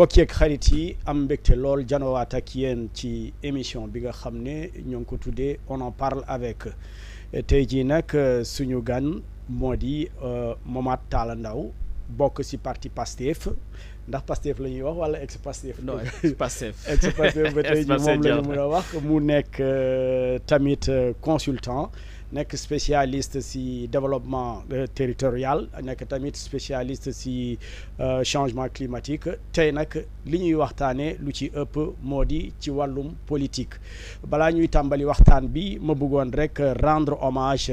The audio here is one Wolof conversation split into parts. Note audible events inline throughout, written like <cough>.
mbokk yeeg xarit yi lol mbégte lool ak yéen ci émission bi nga xamné ñong ko on en parle avec tey jii nag euh, suñu gan modi euh Talandaw Bok si parti Pastef ndax Pastef la wax wala ex Pastef. non <laughs> ba tay la euh, euh, consultant spécialiste si développement euh, territorial nek tamit spécialiste si changement climatique tay nak li ñuy waxtaanee lu ci ëpp modi ci politique ñuy ma rendre hommage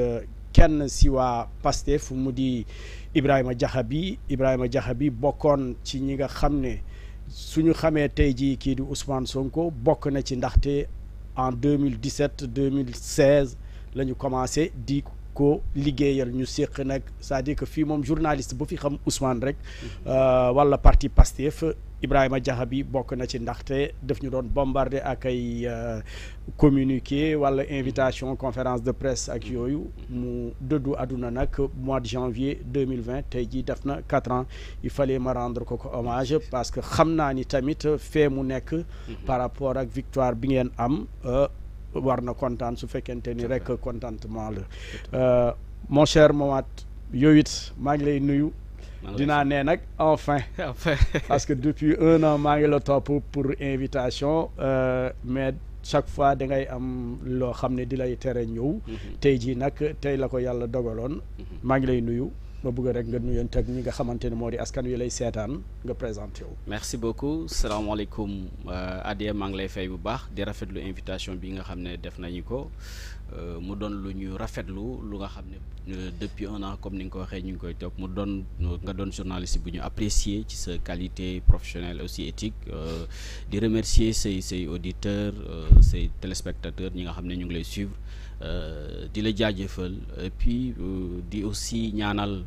kenn si wa Pastef mu Ibrahima jahabi Ibrahima jahabi bokon ci ñi nga suñu Ousmane Sonko na ci ndaxte en 2017 2016 la commencé di ko liggéeyal ñu séq nag c'est-à-dire que fii moom journaliste bu fi xam Ousmane rek mhm. euh, wala parti Pastef Ibrahima Diakha bi bokk na ci ndaxte daf ñu doon bombardé ak ay euh, communiqué wala invitation mhm. conférence de presse ak yooyu mu dëddu aduna nag mois de janvier 2020 dit tey def na quatre ans il fallait ma rendre ko hommage parce que xam naa ni tamit fee mu nekk mhm. par rapport ak victoire bi ngeen am euh, war na kontaan su fekkente ni rek contentement la euh, mon cher Momat yow it ngi lay nuyu dina ne nak enfin parce que depuis un an ma ngi le top pour invitation euh, mais chaque fois da ngay am lo xam ne di lay tere ñëw mhm. tey jii la ko yalla dogalon ma mhm. ngi lay nuyu ma bëgg rek nga nuyante ak ñi nga xamante ne moo di askan wi lay seetaan nga présenté wu. merci beaucoup salaamaaleykum euh, Adé maa ngi lay fay bu baax di rafetlu invitation bi nga xam ne def nañu ko euh, mu doon lu ñu rafetlu lu nga xam ne euh, depuis un an comme ni nga ko waxee ñu ngi koy toog mu doon nga doon journaliste bu ñu apprécier ci sa qualité professionnelle aussi éthique di remercier say say auditeurs say téléspectateurs ñi nga xam ne ñu ngi lay suivre. Eh, di la jaajeufal et eh, puis eh, di aussi ñaanal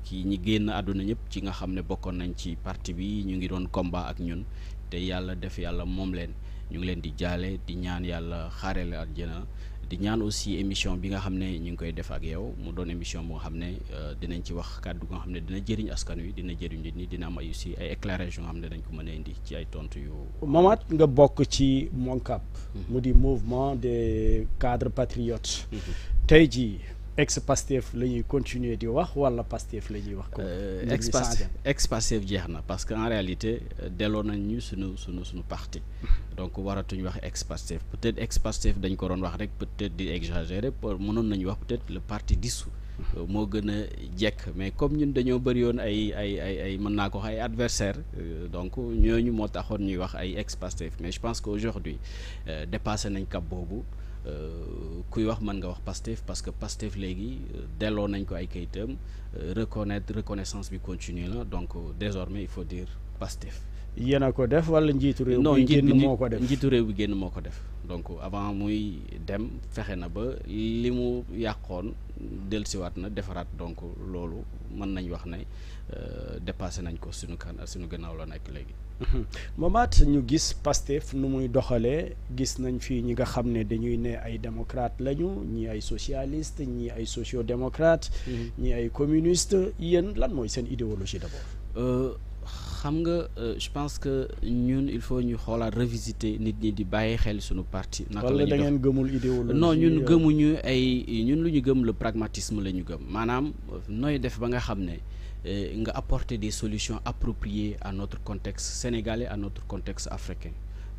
ki ñi genn aduna ñep ci nga xamne bokkon nañ ci parti bi ñu ngi doon combat ak ñun te yalla def yalla mom len ñu ngi len di jaale di ñaan yalla xarele aljana di ñaan aussi émission bi nga xam ne ñu ngi koy def ak yow mu doon émission moo xam ne euh, dinañ ci wax kàddu nga xam ne dina jëriñ askan wi dina jëriñ nit ñi dina am ay aussi ay éclairage yoo xam ne dañ ko mën a indi ci ay tontu yu. Mamat nga bokk ci MONCAP. Mhm. mu di mouvement de cadre patriotes. Mhm. tey jii. ex Pastef la ñuy continuer di wax wala Pastef la ñuy wax. ex Pastef ex Pastef jeex na parce que en réalité euh, delo nañ ñu suñu suñu suñu parti. donc waratuñ wax ex Pastef peut-être ex Pastef dañ ko doon wax rek peut-être di exagérer mënon nañ wax peut-être le parti dissous. Euh, moo gën a jekk mais comme ñun dañoo bëri yoon ay ay ay ay mën naa ko wax ay adversaire euh, donc ñooñu moo taxoon ñuy wax ay ex Pastef mais je pense qu'aujourd'hui dépassé nañ cap boobu. Euh, kuy wax nga wax Pastef parce que Pastef légui euh, nañ ko ay euh, reconnaître reconnaissance bi continue donc désormais il faut dire Pastef. yena ko def wala njitu rew non bi def njitu rew bi donc avant muy dem ba donc euh, dépassé nañ ko suñu kan suñu gënaaw la nekk léegi. Mhm. Momath ñu gis Pastef nu muy doxalee gis nañ fi ñi nga xam dañuy né ay démocrate lañu ñi ay socialiste ñi ay sociodémocrate mhm. ñi ay communiste yéen lan moy seen idéologie d'abord. euh xam nga euh, je pense que ñun il faut ñu xolaat revisiter nit ñi di bàyyi xel suñu parti. naka la da ngeen gëmul idéologie non ñun euh, gëmuñu ay ñun luñu ñu gëm le pragmatisme lañu ñu gëm maanaam nooy def ba nga xam ne apporter des solutions appropriées à notre contexte sénégalais, à notre contexte africain.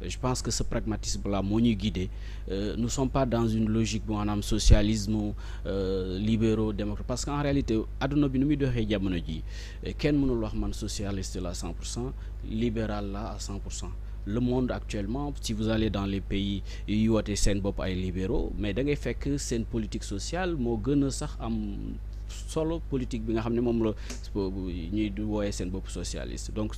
Euh, je pense que ce pragmatisme-là m'a guidé. Euh, nous ne sommes pas dans une logique bon, socialisme, euh, libéraux, démocrate. Parce qu'en réalité, adono a de Reyamonoji, euh, ken monologue socialiste là à 100%, libéral là à 100% le monde actuellement si vous allez dans les pays il y a des ay libéraux mais da ngay c'est une politique sociale mon solo politique bi nga xam la ñuy du wooyee seen bopp socialiste donc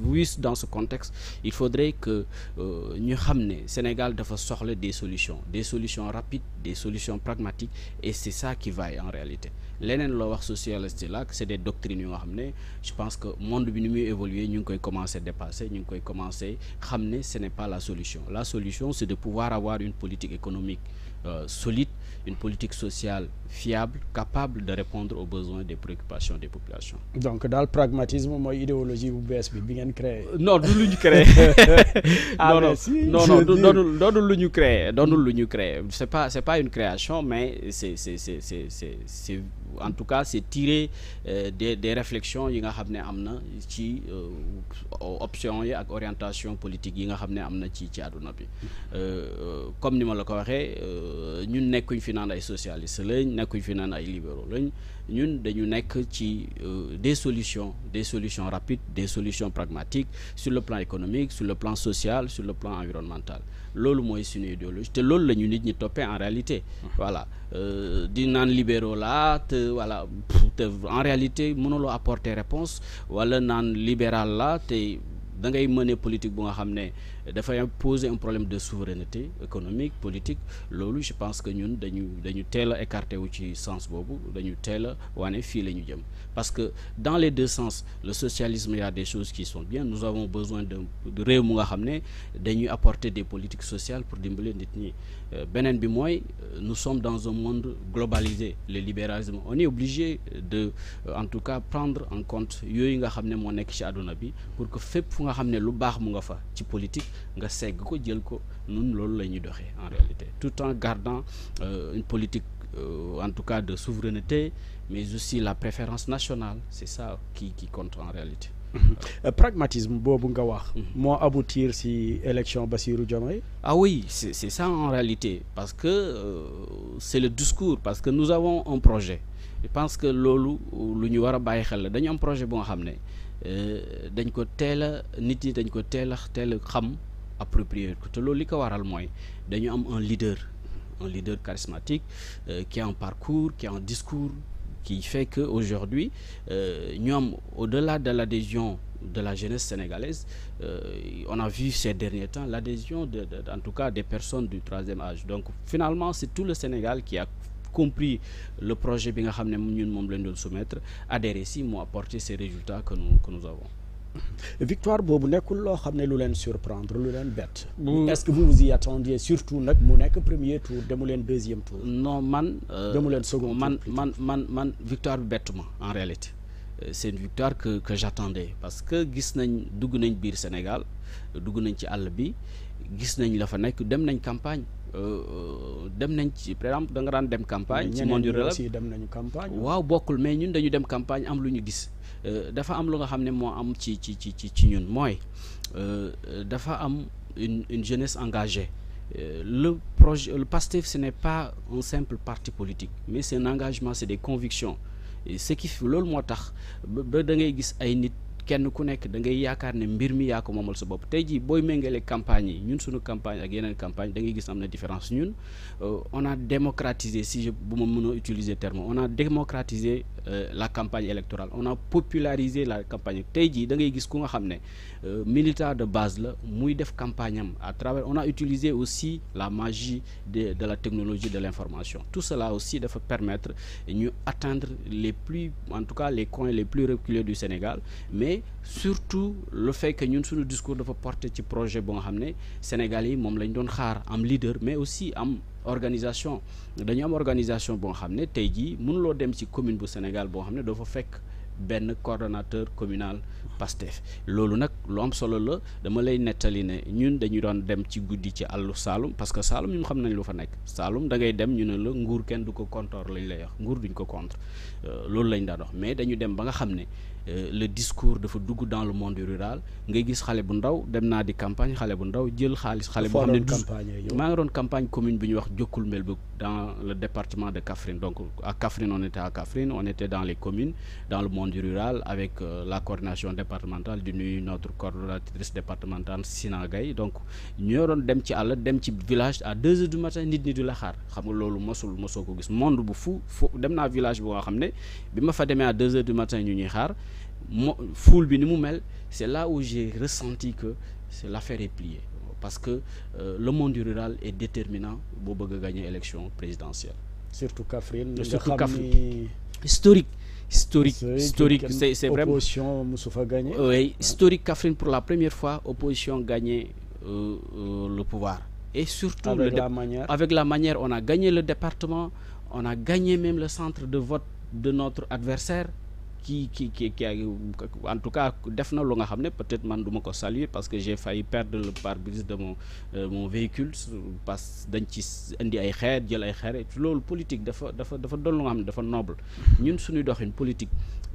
oui dans ce contexte il faudrait que euh, ñu xam Sénégal dafa soxla des solutions des solutions rapides des solutions pragmatiques et c'est ça qui vaille en réalité les loo wax socialiste là c'est des doctrines yoo je pense que monde bi ni muy évoluer ñu ngi koy commencer dépasser ñu ngi koy commencer xam ce n'est pas la solution la solution c'est de pouvoir avoir une politique économique euh, solide, une politique sociale fiable, capable de répondre aux besoins des préoccupations des populations. Donc, dans le pragmatisme, moi, idéologie ou BSB, bien créé. Euh, non, nous l'avons créé. <laughs> ah, non, non, si, non, non, nous l'avons créé. Nous l'avons créé. Ce n'est pas, pas une création, mais c'est en tout cas c'est tiré euh, des réflexions yi nga xamné des orientations politiques. ci euh, option yi ak orientation politique yi nga xamné ne ci ci bi euh, comme nous ma la nous ne ñun nekkuñ fi nan ay socialistes lañ nekkuñ fi libéraux Nous ñun dañu nekk des solutions des solutions rapides des solutions pragmatiques sur le plan économique sur le plan social sur le plan environnemental loolu moy suñu idéologie te lol, la ñu nit ñi topé en réalité voilà euh, di naan libéraux là, te voilà te en réalité lo apporter réponse wala naan libéral là, te da ngay mener politique bu nga xamné dafay poser un problème de souveraineté économique politique lolu je pense que nous dañu dañu le écarté wu ci sens bobu dañu wane parce que dans les deux sens le socialisme il y a des choses qui sont bien nous avons besoin de réew mu nga xamné apporter des politiques sociales pour dimbali nit ñi euh, bi euh, nous sommes dans un monde globalisé le libéralisme on est obligé de euh, en tout cas prendre en compte yoy nga xamné mo nek ci pour que fep fu nga xamné lu baax mu nga politique nga ko jël ko nun nous en réalité tout en gardant euh, une politique euh, en tout cas de souveraineté mais aussi la préférence nationale c'est ça qui compte en réalité euh, pragmatisme bobu nga wax mhm. mo aboutir si élection Bassirou Diomaye ah oui c'est ça en réalité parce que c'est le discours parce que nous avons un projet je pense que lolu luñu wara baye xel projet bon xamné euh, dañ ko a nit dañ ko a xam ko un leader un leader charismatique euh, qui a un parcours qui a un discours qui fait que aujourd'hui euh, au-delà de l'adhésion de la jeunesse sénégalaise on a vu ces derniers temps l'adhésion de en tout cas des personnes du troisième âge donc finalement c'est tout le Sénégal qui a compris le projet bi nga xam ne ñun moom lañ doon soumettre des si moo apporté ces résultats que nous que nous avons. victoire bobu nekul lo xam lu len surprendre lu len bête est-ce que vous vous y attendiez surtout nak mu nek premier tour demu len deuxième tour. non man. Euh, demu len second man man man man victoire bi bêtement en réalité. Euh, c'est une victoire que que j'attendais parce que gis nañ dug nañ bir Sénégal dug nañ ci àll bi gis nañ la fa nek dem nañ campagne. Euh, euh, dem nañ ci par exemple da nga daan dem campagne. ci monde rural dem nañu campagne. waaw bokkul mais ñun dañu dem campagne am lu ñu gis euh, dafa am lu nga xam ne moo am ci ci ci ci ci ñun mooy dafa am une une jeunesse engagée. le projet le PASTEF ce n'est pas un simple parti politique mais c'est un engagement c'est des convictions et ce qui loolu moo tax ba da ngay gis ay nit kenn ku nekk da ngay yaakaar ne mbir campagne ñun campagne ak campagne da ngay gis différence ñun euh, on a démocratisé si je bu a utiliser terme on a démocratisé euh, la campagne électorale on a popularisé la campagne Tédi, euh, militaire de base campagne à travers on a utilisé aussi la magie de la technologie de l'information tout cela aussi doit permettre d'atteindre atteindre les plus en tout cas les coins les plus reculés du Sénégal mais surtout le fait que ñun suñu discours dafa porter ci projet bon nga xam ne Sénégal yi moom lañ doon xaar am leader mais aussi am organisation dañu am organisation bon xam ne tey jii mënuloo dem ci commune bu Sénégal bo xam do fa fek ben coordonnateur communal Pastef loolu nak lo am solo la dama lay netali ne ñun dañu doon dem ci guddi ci àllu Saalum parce que Saalum ñu xam nañ lu fa nek Saalum da ngay dem ñu ne la nguur ken du ko contre lañ lay wax nguur duñ ko contre euh, loolu lañ daan wax mais dañu dem ba nga xam euh, le discours dafa dugg dans le monde rural ngay gis xalé bu ndaw dem naa di campagne xalé bu ndaw jël xaalis xalé bu xam ne maa ngi campagne commune bi ñuy wax mel bu dans le département de Kaffrine donc à Kaffrine on était à Kaffrine on était dans les communes dans le monde rural avec euh, la coordination départementale du nuyu notre coordonnatrice départementale Sina donc ñu doon dem ci àll dem ci village à deux heures du matin nit ñi di la xaar xam nga loolu mosul mosoo ko gis monde bu fou dem naa village bu nga xam ne ma fa demee à deux heures du matin ñu ñuy xaar c'est là où j'ai ressenti que l'affaire est pliée. Parce que euh, le monde rural est déterminant pour gagner l'élection présidentielle. Surtout Kafrine. Kafrine. Historique historique, historique, c'est vraiment. Opposition, Moussoufa gagné. Oui, historique, Kafrine, pour la première fois, opposition gagne euh, euh, le pouvoir. Et surtout, avec, la manière. avec la manière, on a gagné le département, on a gagné même le centre de vote de notre adversaire qui qui qui qui a en tout cas définitivement na lu nga peut-être man du ma ko saluer parce que j'ai failli perdre le pare-brise de mon euh, mon véhicule parce dañ ci indi ay xeer jël ay xeer loolu politique dafa dafa dafa doon lu nga noble ne dafa noble ñun suñuy politique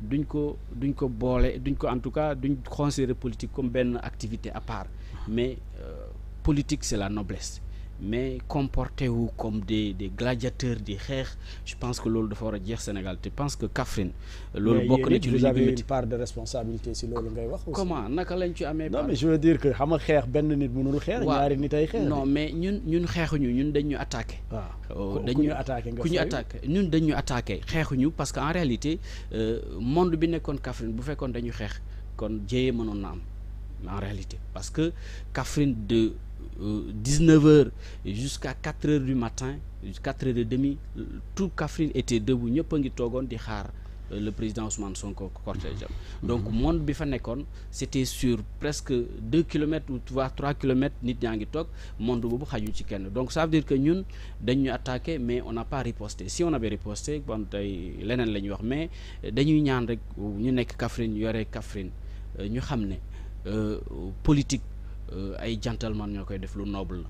duñ ko duñ ko boole duñ ko en tout cas duñ considérer politique comme une activité à part mais euh, politique c'est la noblesse mais comporté wu comme des des gladiateurs di xeex je pense que loolu dafa war a jeex Sénégal tu pense que Kafrine loolu bokk na ci lu ñu avez part de responsabilité si loolu ngay wax. comment naka lañ ci amee. non mais je veux dire que xam nga xeex benn nit mënul xeex. ñaari nit ay xeex non mais ñun ñun xeexuñu ñun dañ ñu attaqué. waaw ah. euh, ku ñu attaqué nga ku ñu attaqué ñun dañ ñu attaqué xeexuñu parce que en réalité euh, monde bi nekkoon Kafrine bu fekkoon dañu xeex kon jéyee mënoon na am en réalité parce que Kafrine de. 19 euh, h jusqu'à 4 h du matin 4 h 30 tout kafrine était debout Nous avons euh, le président Ousmane Sonko cortège donc mhm. monde bi c'était sur presque 2 km ou 3 km nit monde donc ça veut dire que nous dañ mais on n'a pas riposté si on avait riposté bon lenen nous wax mais nous ñaan rek ñu euh, politique Euh, ay gentleman ñoo koy def lu noble la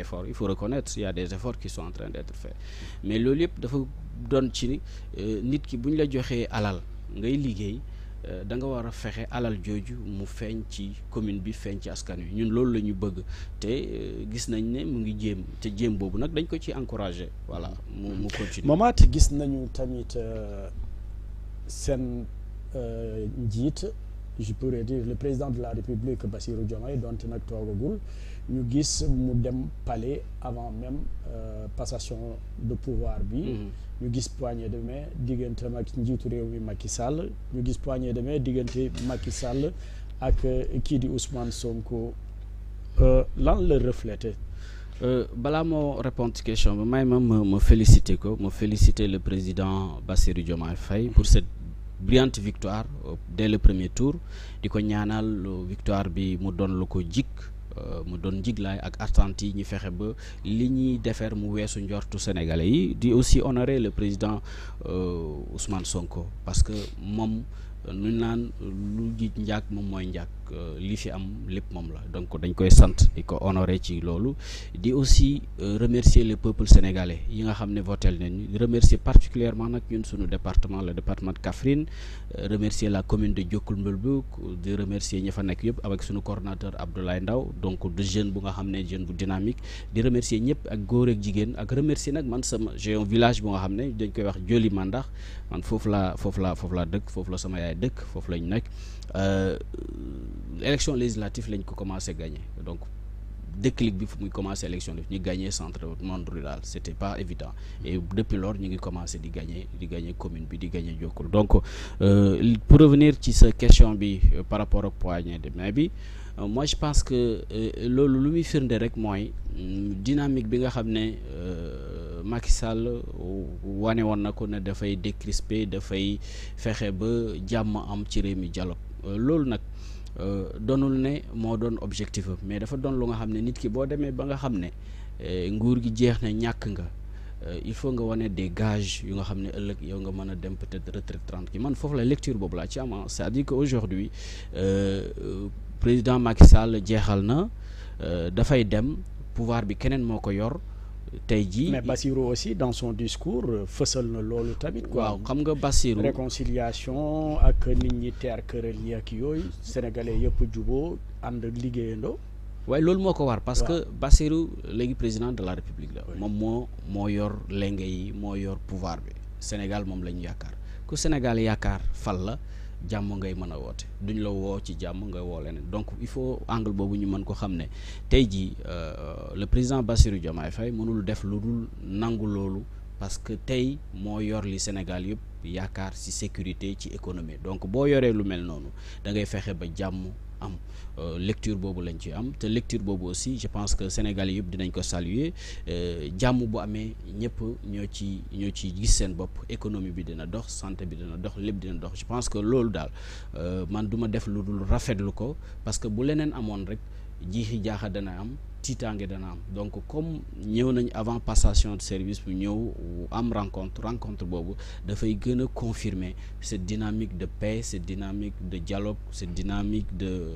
effort il faut reconnaître il y a des efforts qui sont en train d'être faits mais loolu yëpp dafa doon ci euh, nit ki bu la joxee alal ngay liggéey euh, da nga war a alal joju mu feeñ ci commune bi feeñ ci askan wi ñun loolu la bëgg te euh, gis nañ ne mu ngi jéem te jéem bobu. Nak dañ ko ci encouragé voilà mu mu continuer te gis nañu tamit seen njiit je pourrais dire le président de la république Bassirou Diomaye donte nag toogagul ñu gis mu dem avant même euh, passation de pouvoir bi. Mhm. ñu gis poignée de main le mi Macky Sall. ñu gis de main euh, Ousmane Sonko euh, lan le refléter. Euh, question bi ma féliciter ko féliciter le président Bassirou Diomaye Faye pour cette brillante victoire dès le premier tour diko victoire bi mu lu euh, mu doon djiglay ak attente yi ñu fexe ba li ñi défer mu ndortu sénégalais yi di aussi honorer le président euh, Ousmane Sonko parce que mom euh, nu nane lu jiit njaag mom moy li fi am lepp mom la donc dañ koy sante et ko honorer ci lolu di aussi euh, remercier le peuple sénégalais yi nga xamné voter votel remercier particulièrement nak ñun suñu département le département de Kaffrine euh, remercier la commune de Diourbel de remercier ñafa fa yeb avec suñu coordinateur Abdoulaye Ndaw donc de jeune bu nga xamné jeune bu dynamique di remercier ñep ak góor ak jigen ak remercier nak man sama j'ai un village bu nga xamné dañ koy wax Joli Mandax man fofu la fofu la fofu la deuk fofu la sama yaay deuk fofu lañ euh élection législative lañ ko commencé gagner. donc déclic bi fu muy commencé élection gagner gagné centre monde rural Ce n'était pas évident et depuis lors nous ngi commencé di gagner di une commune bi gagner le Diokoul donc euh, pour revenir ci cette question euh, par rapport au point de main bi euh, moi je pense que lolu lu directement firnde rek moy mm, dynamique bi nga xamné On Macky Sall wane woon na décrisper fay fexé ba am ci réew dialogue euh, donul ne moo doon objectif am mais dafa doon lu nga xam ne nit ki boo demee ba nga xam ne eh, nguur gi jeex na ñàkk nga eh, il faut nga wane des gages yu nga xam ne ëllëg yow nga mën a dem peut-être retraite tranquille man foofu la lecture boobu laa ci am ah. c'est-à-dire que aujourd'hui euh, président Macky Sall jeexal na euh, dafay dem pouvoir bi keneen moo ko yor tey mais Bassirou aussi dans son discours fësal na loolu tamit quoi xam nga Bassirou réconciliation ak nit ñi teer këral yi ak yooyu sénégalais yëpp juboo ànd liggéeyandoo waaye loolu moo war parce que Bassirou légui président de la république là. moom mo yor lenge yi mo yor pouvoir bi Sénégal mom lañu ñu ku Sénégal yaakaar fal la jàmm ngay mën a duñ la wo ci jàmm ngay woo donc il faut angle bobu ñu mën ko xamné ne euh, le président Bassirou Diomaye Faye mënul def lu nangul loolu parce que tay mo yor li Sénégal yëpp yaakar ci sécurité ci économie donc bo yoré lu mel nonu da ngay fexé ba jàmm am euh, lecture bobu lañ ci am te lecture bobu aussi je pense que Sénégalais yëpp dinañ ko saluer euh, jamm bu amé ñëpp ñoo ci ñoo ci gis sen bop économie bi dina dox santé bi dina dox lépp dina dox je pense que dal euh man duma def lu dul lu ko parce que bu leneen amone rek jiixi jaaxa dana am tiitaange dana donc comme nous nañ avant passation de service pour ñew am rencontre rencontre bobu da que nous confirmer cette dynamique de paix cette dynamique de dialogue cette dynamique de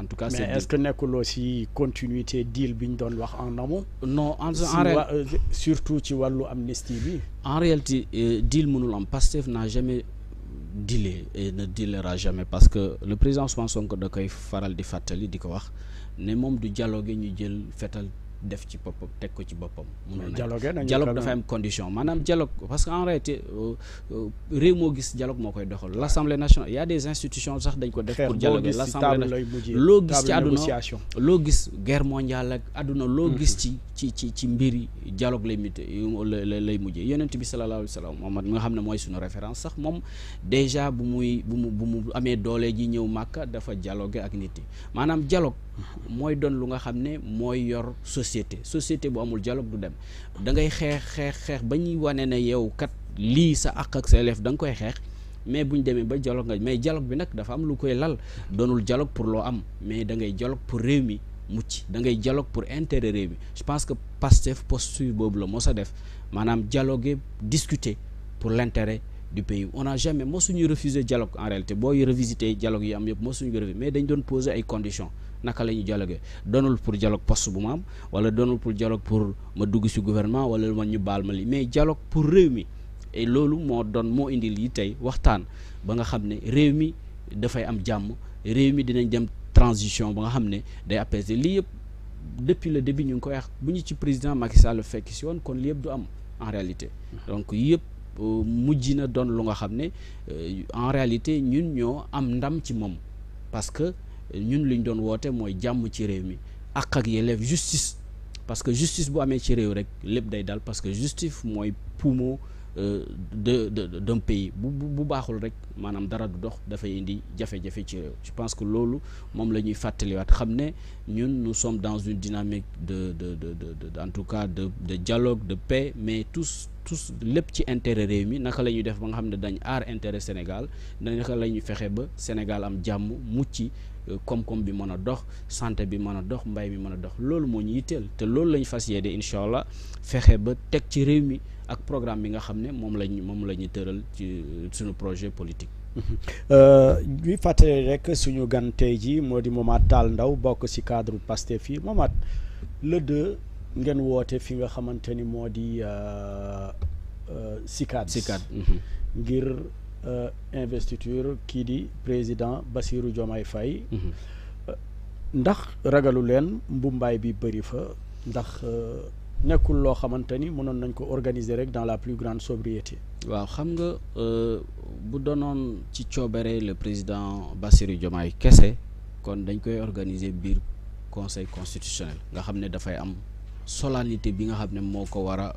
en tout cas. mais est-ce que nekkul aussi continuité deal biñ ñu doon wax en amont. non en en euh, surtout ci walu amnistie bi. en réalité euh, deal mënul am Pastef n'a jamais dealer et ne dealera jamais parce que le président Ousmane Sonko da koy faral di Fatali di ko wax du dialogue ñu jël fétal def ci boppam teg ko ci boppam. munul nekk dialogue dafa am condition maanaam dialogue parce que en réalité euh, euh, réew moo gis dialogue moo koy doxal. l' assemblée nationale y' a des institutions sax dañ ko def. pour dialoguer l' assemblée loo gis ci àdduna loo gis guerre mondiale ak àdduna loo mm-hmm. gis ci ci ci ci mbiri dialogue lay mujj lay mujjee yonent bi salallaahu alayhi wa sallam Muhammad mi nga xam ne mooy suñu référence sax moom déjà bu muy bu mu bu mu amee doole ji ñëw màkka dafa dialoguer ak nit yi maanaam dialogue mm-hmm. mooy doon lu nga xam ne mooy yor société société société bu amul dialogue du dem da ngay xex xex xeex ba ñuy wane ne yow kat li sa ak ak élève koy xex mais bu démé ba dialogue nga mais dialogue bi nak dafa am lu koy lal donul dialogue pour lo am mais da dialogue pour réew mi mucc da dialogue pour intérêt réew je pense que Pastef posture boobu la moo sa def manam dialoguer discuter pour l'intérêt du pays on a jamais mosuñu refusé dialogue en réalité booy revisiter dialogue yi am yëpp mosuñu ko mais dañ doon poser ay conditions naka la dialogué donul pour dialogue poste bu maam wala donul pour dialogue pour ma dugg ci gouvernement wala man ñu bal ma li mais dialogue pour réew mi et lolu mo doon mo indi li tay waxtaan ba nga xamné ne réew mi dafay am jamm réew mi dinañ dem transition ba nga xamné day apaiser li yeb depuis le début ñu ngi koy wax bu ñu ci président Macky Sall fekk ci won kon li yeb du am en réalité donc yeb euh, mujj na doon lu nga xamné euh, en réalité ñun ño am ndam ci mom parce que ñun liñ doon woté moy jamm ci réew mi ak ak yelleef justice parce que justice bu amé ci réew rek lepp day dal parce que justice mooy poumon euh, de de d'un pays bu bu baxul rek manam dara du dox dafay indi jafé jafé ci réew je pense que lolu mom lañuy fatali wat xamné ñun nous sommes dans une dynamique de de de de en tout cas de de dialogue de paix mais tous tous lepp ci intérêt réew mi naka lañuy def ba nga xamné dañ aar intérêt Sénégal naka lañuy fexé ba Sénégal am jamm mucc koom-koom bi mën a dox santé bi mën a dox mbay mi mën a dox loolu moo ñu yitteel te loolu lañ fas yéene incha allah fexe ba teg ci réew mi ak programme bi nga xam ne moom lañ moom la ñu tëral ci suñu projet politique. Euh, ñuy fàttali rek suñu gan tey jii moo di momaat Tall ndaw bokk ci cadre Pastef fii Momar le deux ngeen woote fi nga xamante ni moo di CICAD. Euh, euh, CICAD mhm. ngir. Euh, investiture qui dit président Bassirou Diomaye Faye mhm. euh, ndax ragalu len mbumbaay bi bëri fa ndax euh, nekul lo xamanteni mënon ko organiser rek dans la plus grande sobriété. waaw xam nga bu donon ci le président Bassirou Diomaye kesse kon dañ koy organiser bir conseil constitutionnel nga xam da fay am solennité bi nga xam moko wara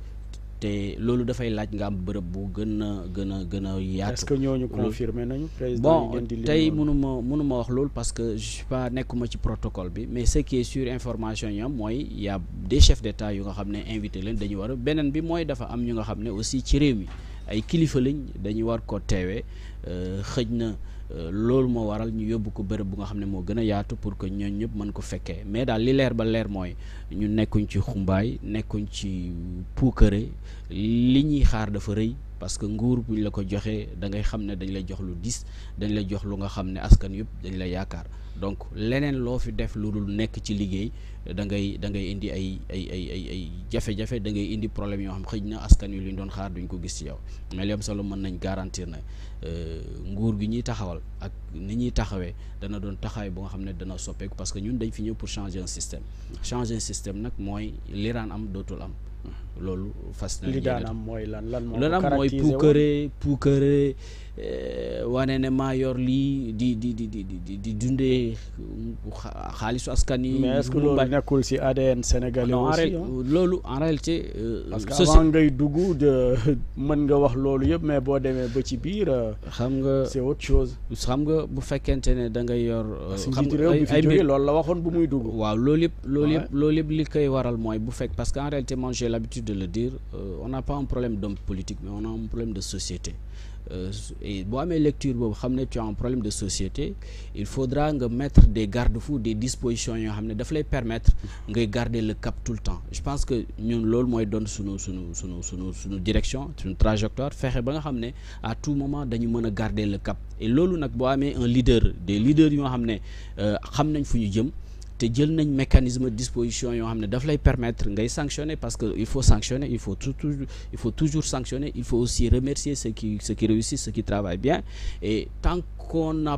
te loolu dafay laaj nga am bërëb bu gën a gën a gën a yaatu. est-ce que ñooñu confirmé nañu. président bon tey mënuma mënuma wax loolu parce que je suis pas nekkuma ci protocole bi mais ce qui est information yi mooy y a des chefs d'État yu nga xam ne invité leen dañu war a beneen bi mooy dafa am ñu nga xam ne aussi ci réew mi ay kilifa lañ dañu war ko teewee euh, xëj na. Euh, loolu moo waral ñu yóbbu ko bërëb bu nga xam ne moo gën a yaatu pour que ñooñ ñëpp mën ko fekkee mais daal li leer ba leer mooy ñu nekkuñ ci xumbaay nekkuñ ci puukare li ñuy xaar dafa rëy parce que nguur ñu la ko joxee da ngay xam ne dañ lay jox lu dis dañ lay jox lu nga xam ne askan yëpp dañ lay yaakaar donc leneen loo fi def lu dul nekk ci liggéey da ngay da indi ay ay ay ay ay jafe-jafe da ngay indi problème yoo xam xëj na askan wi li ñu doon xaar duñ ko gis ci yow mais li solo mën nañ garantir na Euh, nguur gi ñuy taxawal ak ni ñuy taxawé dana doon taxawaay bu nga xam dana soppé parce que ñun dañ fi ñëw pour changer un système mm-hmm. changer un système nak moy li am dootul am mm-hmm loolu fas na li mooy lan lan moo lan am mooy puukare puukare eh, wane ne maa yor lii di di di di di di dundee xaalisu askan yi. mais est-ce que loolu nekkul si ADN sénégalais aussi hein? loolu en réalité. Euh, parce que avant ngay dugg de <laughs> mën nga wax loolu yëpp mais boo demee ba ci biir. Euh, xam nga c'est autre chose. xam nga bu fekkente ne da ngay yor. Euh, xam nga ay ay loolu la waxoon bu muy dugg. waaw loolu yëpp loolu yëpp loolu yëpp li koy waral mooy bu fekk parce que en réalité man j'ai l'habitude de le dire, euh, on n'a pas un problème d'homme politique, mais on a un problème de société. Euh, et si mes lectures, tu as un problème de société, il faudra mettre des garde-fous, des dispositions qui les permettre de garder le cap tout le temps. Je pense que nous, nous donne sous nos, sur nos, trajectoire directions, sous nos trajectoires, à tout moment, nous garder le cap. Et lolo, nous avons un leader, des leaders qui ont amené, euh, te jël nañ mécanisme de disposition yoo xam ne daf lay permettre ngay sanctionner parce que il faut sanctionner il faut toujours il faut toujours sanctionner il faut aussi remercier ceux qui ceux qui réussissent ceux qui travaillent bien et tant qu'on ne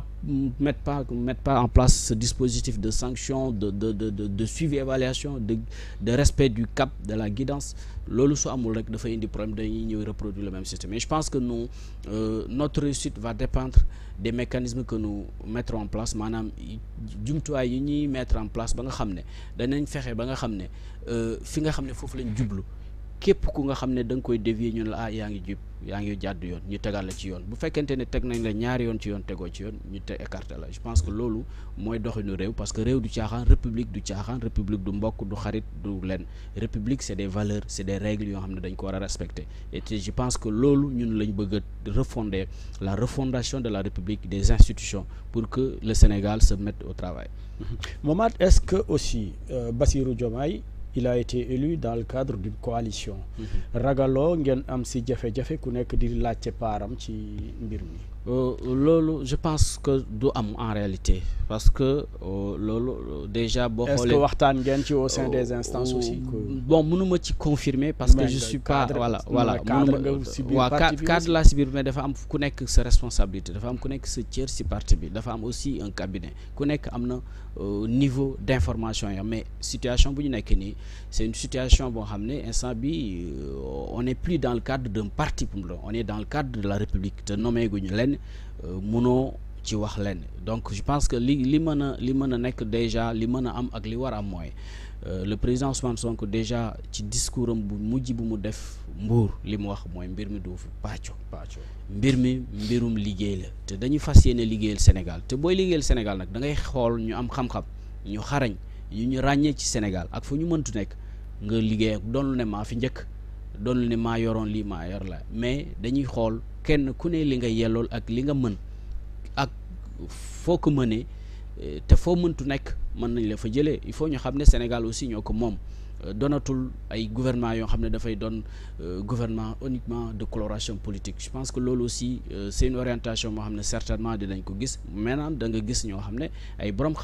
mette pas, mette pas en place ce dispositif de sanction, de, de, de, de suivi évaluation, de, de respect du cap, de la guidance, loolu su amul rek dafay indi problème dañuy ñëw reproduire le même système mais je pense que nous euh, notre réussite va dépendre des mécanismes que nous mettrons en place maanaam jumtuwaay yi ñuy mettre en place ba nga xam ne danañ fexe ba nga xam ne euh, fi nga xam ne lañ jublu képp ku nga xam ne da nga koy dévier ñun la ah yaa ngi jub yaa ngi jàdd yoon ñu tegal la ci yoon bu fekkente ne teg nañ la ñaari yoon ci yoon tegoo ci yoon ñu te écarté la je pense que loolu mooy doxinu réew parce que réew du caaxaan république du caaxaan république du mbokk du xarit du len république c'est des valeurs c'est des règles yoo xam ne dañ ko war a respecter et je pense que loolu ñun lañ bëgg a refonder la refondation de la république des institutions pour que le Sénégal se mette au travail. Momad est-ce que aussi euh, Bassirou Diomaye il a été élu dans le cadre d'une coalition mhm. Ragalong, le am si coalition. Il ku été di dans le ci euh, Lolo, je pense que do am en réalité parce que euh, Lolo euh, déjà bon. est-ce que waxtaan au sein des instances aussi bon mënuma ci confirmer parce que je suis pas voilà voilà Cadre, cadre la si mais dafa am ku nek sa responsabilité dafa am ku nek sa ses tiers, parti bi dafa am aussi un cabinet ku nek amna niveau d'information mais situation bu ñu nekk c'est une situation qui xamné amener instant bi on n'est plus dans le cadre d'un parti pour on est dans le cadre de la République te nommé guñu leen euh, mënoo ci wax len donc je pense que li li mën li mën nek déjà li mën am ak li war am moy euh, le président Ousmane Sonko déjà ci discours am bu mujj bu mu def mbour li mu wax moy mbir mi du fi pàcco mbir mi mbirum liggéey la te dañu fas yéene Sénégal te boy liggéeyal Sénégal n'ak da ngay xol ñu am xam-xam ñu xarañ ñu ñu ci Sénégal ak fu ñu mëntu nek nga liggéey ak doon lu fi donne ne m'a yoroon lii maa mais dañuy xool kenn ku ne li ak li nga ak faut que eh, te tu nek mën nañ la il faut ñu Sénégal aussi euh, donatul ay gouvernement yo xamné da fay euh, gouvernement uniquement de coloration politique je pense que lolu aussi euh, c'est une orientation mo certainement ko maintenant da nga ay borom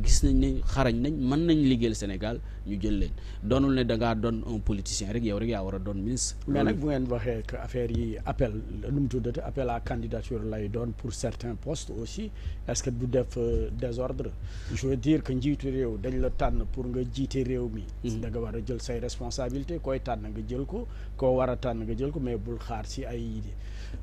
gis nañ ne xarañ nañ mën nañ liggéeyal Sénégal ñu jël leen donul ne da ngaa doon un politicien rek yow rek yaa war a doon ministre. mais nag bu ngeen waxee que affaire yi appel nu mu tuddati appel à candidature lay doon pour certains postes aussi est-ce que du def euh, désordre je veux dire que njiitu réew dañ la tànn pour nga jiite réew mi. Mhm. da nga war a jël say responsabilité koy tànn nga jël ko koo war a tànn nga jël ko mais bul xaar si ay.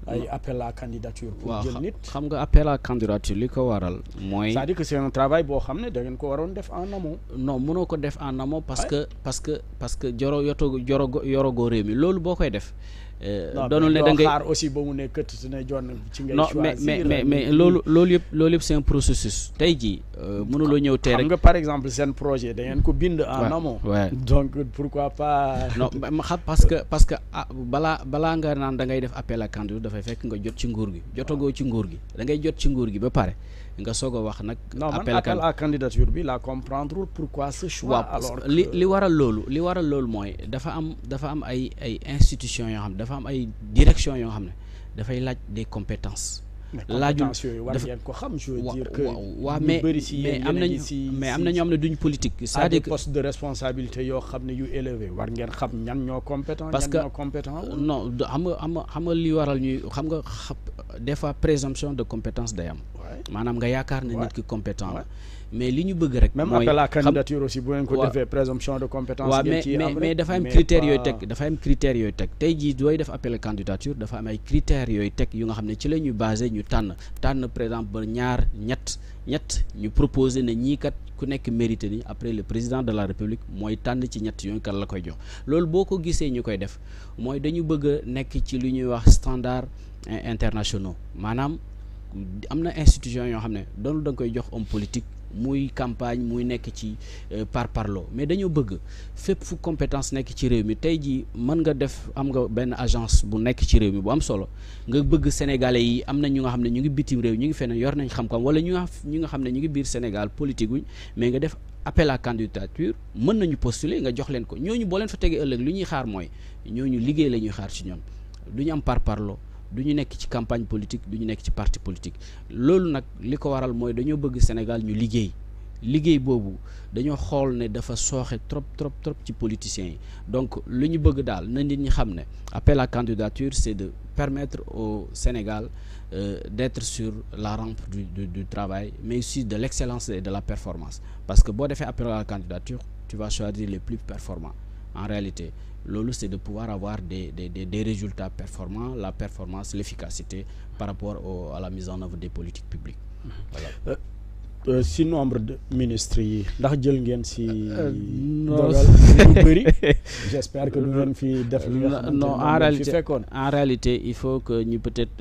ay appel à candidature pour jël nit xam nga appel à candidature li ko waral mooy c'est-à-dire que c'est un boo xam ne da ngeen ko waroon def en amont non mënoo ko def en amont parce que parce que parce que joro yoto joro yorogoo réew mi loolu boo koy def Euh, doonul ne da ngay xaar aussi ba mu ne këtt su ne jonn ci ngay. choisir mais mais euh, mais mais loolu loolu yëpp loolu yëpp c'est un tey jii euh, mënuloo ñëw tey rek nga par exemple seen projet da ngeen ko bind. en amont donc pourquoi pas. non <laughs> xam parce que parce que ah balaa balaa nga naan da ngay def appel à candidature dafay fekk nga jot ci nguur gi jotagoo ci nguur gi da jot ci nguur gi ba pare. nga soog a wax nag. appel appel à candidature bi la comprendre pourquoi ce choix. alors li li waral loolu li waral loolu mooy dafa am dafa am ay ay institutions yoo xam dafa am ay direction yoo xam ne dafay laaj des compétences. laajul dafa ko xam je veux dire que wa, mais mais am nañu mais am na ñoo xam ne duñ politique c'est-à-dire que poste de responsabilité yoo xam ne yu élevé war ngeen xam ñan ñoo compétent ñoo que non xam nga xam nga xam nga li waral ñuy xam nga des fois présomption de compétence d'ayam manam nga yaakaar ne nit ki compétent la. mais liñu bëgg rek. même appel la candidature aussi bu ngeen ko défé présomption de compétence. ngeen ciy mais mais dafa am critère yoy tek dafa am critère yoy tek tay ji doy def appel candidature dafa am ay critère yoy tek yu nga xamné ci la basé ñu tànn tànn par exemple ñaar ñet ñet ñu proposer ne ñi kat ku nekk mérité ni après le président de la république moy tànn ci ñet yooyu kan la koy jox lool boko ko ñukoy def moy dañu bëgg nekk ci lu ñuy wax standard internationaux manam amna institution yo xamné ne doonul da nga koy jox homme politique muy campagne muy nek ci euh, par parlo mais dañu bëgg fep fu compétence nek ci réew mi tay ji man nga def am nga ben agence bu nek ci réew mi bu am solo nga bëgg sénégalais yi amna ñu nga xamné ñu ngi bitim réew ñu ngi feneen yor nañ xam ko wala ñu nga nga ñu ngi biir Sénégal politique wuñ mais nga def appel à candidature mën nañu postuler nga jox leen ko ñoñu bo leen fa tegee ëlëk lu ñuy xaar moy ñoñu liggéey lañuy xaar ci ñom du am par parlo nous sommes ci campagne politique nous nek ci parti politique loolu nak liko waral moy que bëgg Sénégal ñu liggéey liggéey bobu dañu xol ne dafa soxé trop trop trop ci politiciens donc luñu bëgg dal na nit ñi xamné appel à candidature c'est de permettre au Sénégal euh, d'être sur la rampe du, travail mais aussi de l'excellence et de la performance parce que bo défé appel à la candidature tu vas choisir les plus performants en réalité le l'olu c'est de pouvoir avoir des, des, des, résultats performants, la performance, l'efficacité par rapport à la mise en œuvre des politiques publiques. Voilà. Euh, euh, si nombre de ministres ndax si. Euh, <laughs> j'espère que nous allons fi def. non en réalité en réalité il faut que nous peut-être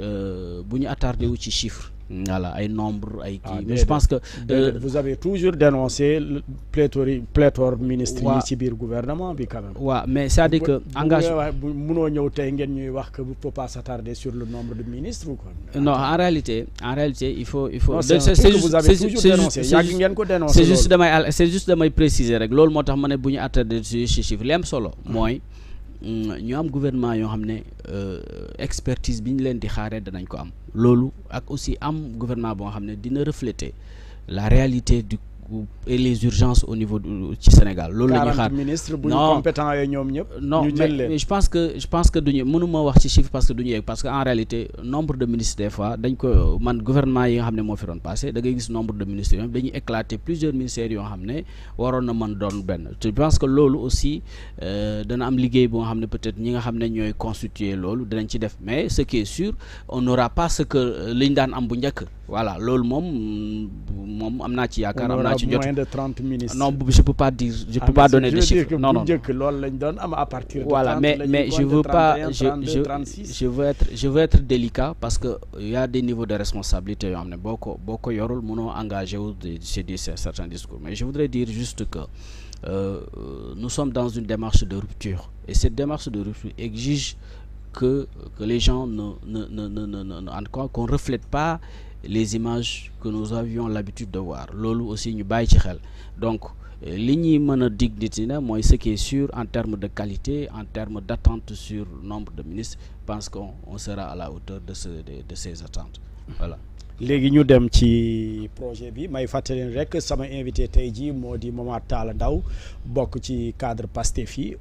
bu nous voilà ay nombre ay kii ah, mais je pense que euh, vous avez toujours dénoncé pléthore pléthore ministre yi ci gouvernement bi quand même waaw mais ça dit que engagement bu munoo ñëw tey ñuy wax que vous ne pouvez pas s'attarder sur le nombre de ministres ou quoi non en réalité en réalité il faut il faut c'est juste damay c'est juste damay préciser rek loolu moo tax ma ne bu ñu attarder ci chiffre li am solo hmm. mooy Mm, ñu am gouvernement yo euh, expertise bi ñu leen di am aussi am gouvernement qui xamné ne refléter la réalité du et les urgences au niveau du Sénégal loolu la ñuy xaar non mais je pense que je pense que duñu mënuma wax ci chiffre parce que duñu parce que en réalité nombre de ministres des fois dañ ko man gouvernement yi nga xamné mo fi ron passé da ngay gis nombre de ministres yoo dañuy éclater plusieurs ministères yo xamné ne waroon na mën doon je pense que lolu aussi euh, dana am liggéey boo nga peut-être ñi nga xamné ñoy constituer lolu dinañ ci def mais ce qui est sûr on n'aura pas ce que euh, liñ daan am bu njëkk voilà loolu mom mom amna ci ci jot moins de 30 ministres non je peux pas dire je peux ah, pas donner de chiffres non non dire que lañ doon am à partir de voilà mais mais je veux pas je je veux être je veux être délicat parce que y a des niveaux de responsabilité yo xam boko boko yorul engagé ou de certains discours mais je voudrais dire juste que euh, nous sommes dans une démarche de rupture et cette démarche de rupture exige que que les gens ne ne ne ne ne qu'on reflète pas les images que nous avions l'habitude de voir Lolo aussi ñu bàyyi ci donc euh, li ñuy mën ce qui est sûr en termes de qualité en termes d'attente sur nombre de ministres pense qu'on sera à la hauteur de ce de, ces attentes voilà Les ñu dem ci projet bi may fàttali leen rek sama invité tey Modi moo di Momar Talla cadre pastefi. yi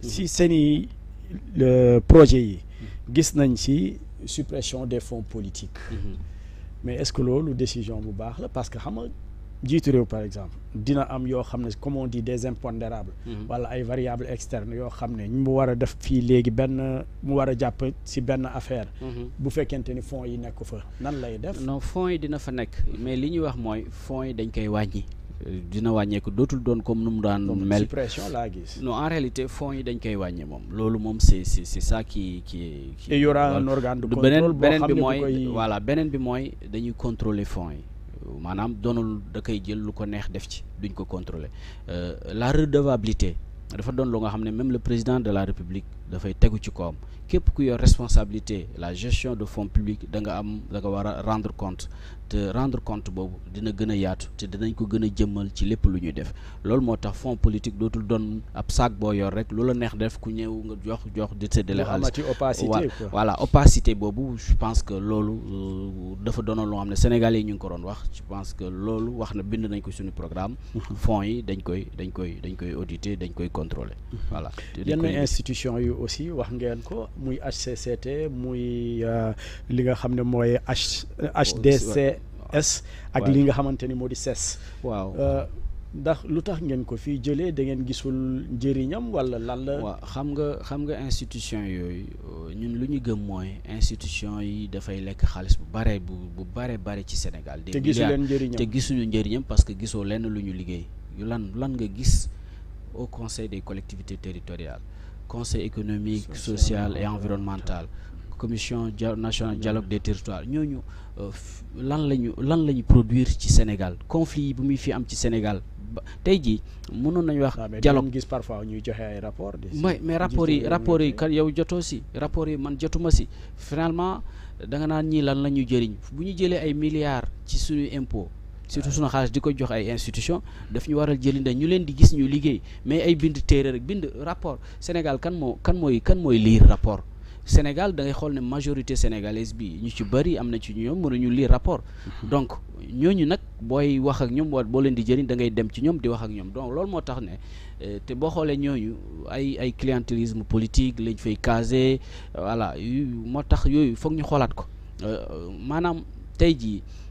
si mhm. si le projet yi gis nañ suppression des fonds politiques mhm mais est-ce que le décision bu parle? parce que xam nga jiitu par exemple dina am yo xam comme on dit des impondérables mhm. wala ay variables externes yo xam ñu mu war def fi légui ben mu wara japp ci si benn affaire mhm. bu fekkenté ni fonds yi nekk fa nan lay def non fonds yi dina fa nekk mais li ñuy wax moy fonds yi dañ koy wañi dina wàññeeku dotul don comme nu mu mel pression laa gis non en réalité fonds yi dañ koy wàññi mom loolu mom c'est c'est c'est ça qui qui qui il y aura un organe de contrôle benen bi moy voilà benen bi moy dañuy contrôler fonds yi manam donul da kay jël lu ko neex def ci duñ ko contrôler euh la redevabilité dafa don lo nga xamné même le président de la république dafay tegu ci responsabilité la gestion de fonds publics da rendre compte de rendre compte de dina a te dinañ ko que jëmmal ci def fonds politique dootul ab sac yor rek loola neex def ku de nga voilà opacité je pense que loolu euh, dafa sénégalais ñu je pense que loolu wax na bind nañ ko suñu programme <laughs> fonds yi dañ koy dañ koy dañ auditer dañ koy contrôler <laughs> institution aussi wax ngeen ko muy HCCT muy euh, li nga xamne moy H HDCS. Oh, ak li nga xamanteni modi moo di CES. waaw euh, ndax lutax ngeen ko fi jëlee da ngeen gisul njëriñam wala lan la. wa xam nga xam nga institution yoy euh, ñun lu ñu gëm moy institution yi fay lek xaliss bu bare bu bare bare ci Sénégal. te gisul njëriñam te gisuñu njëriñam parce que gisoo lenn lu ñu liggéey lan lan nga gis au conseil des collectivités territoriales conseil économique social et environnemental commission nationale dialogue des territoires Nous euh, lan lañu lan produire ci Sénégal conflit yi bu au fi am Sénégal tey nous avons un dialogue parfois ñuy avons ay rapport mais mais rapports yi rapports yi yow si rapports yi man finalement da nga an, nous lan la ñu jëriñ bu milliards impôt surtout sunu xaalis diko jox ay institution daf ñu waral jëlinde ñu leen di gis ñu liggéey mais ay bind téere rek bind rapport Sénégal kan moo kan mooy kan mooy lire rapport Sénégal da ngay xool ne majorité sénégalaise bi ñu ci bëri am na ci ñoom mënuñu lire rapport mhm. donc ñooñu nag booy wax ak ñoom wa boo leen di jëriñ da ngay dem ci ñoom di wax ak ñoom donc loolu moo tax ne euh, te boo xoolee ñooñu ay ay clientélisme politique lañ fay casé voilà moo tax yooyu foog ñu xoolaat ko euh, maanaam tey jii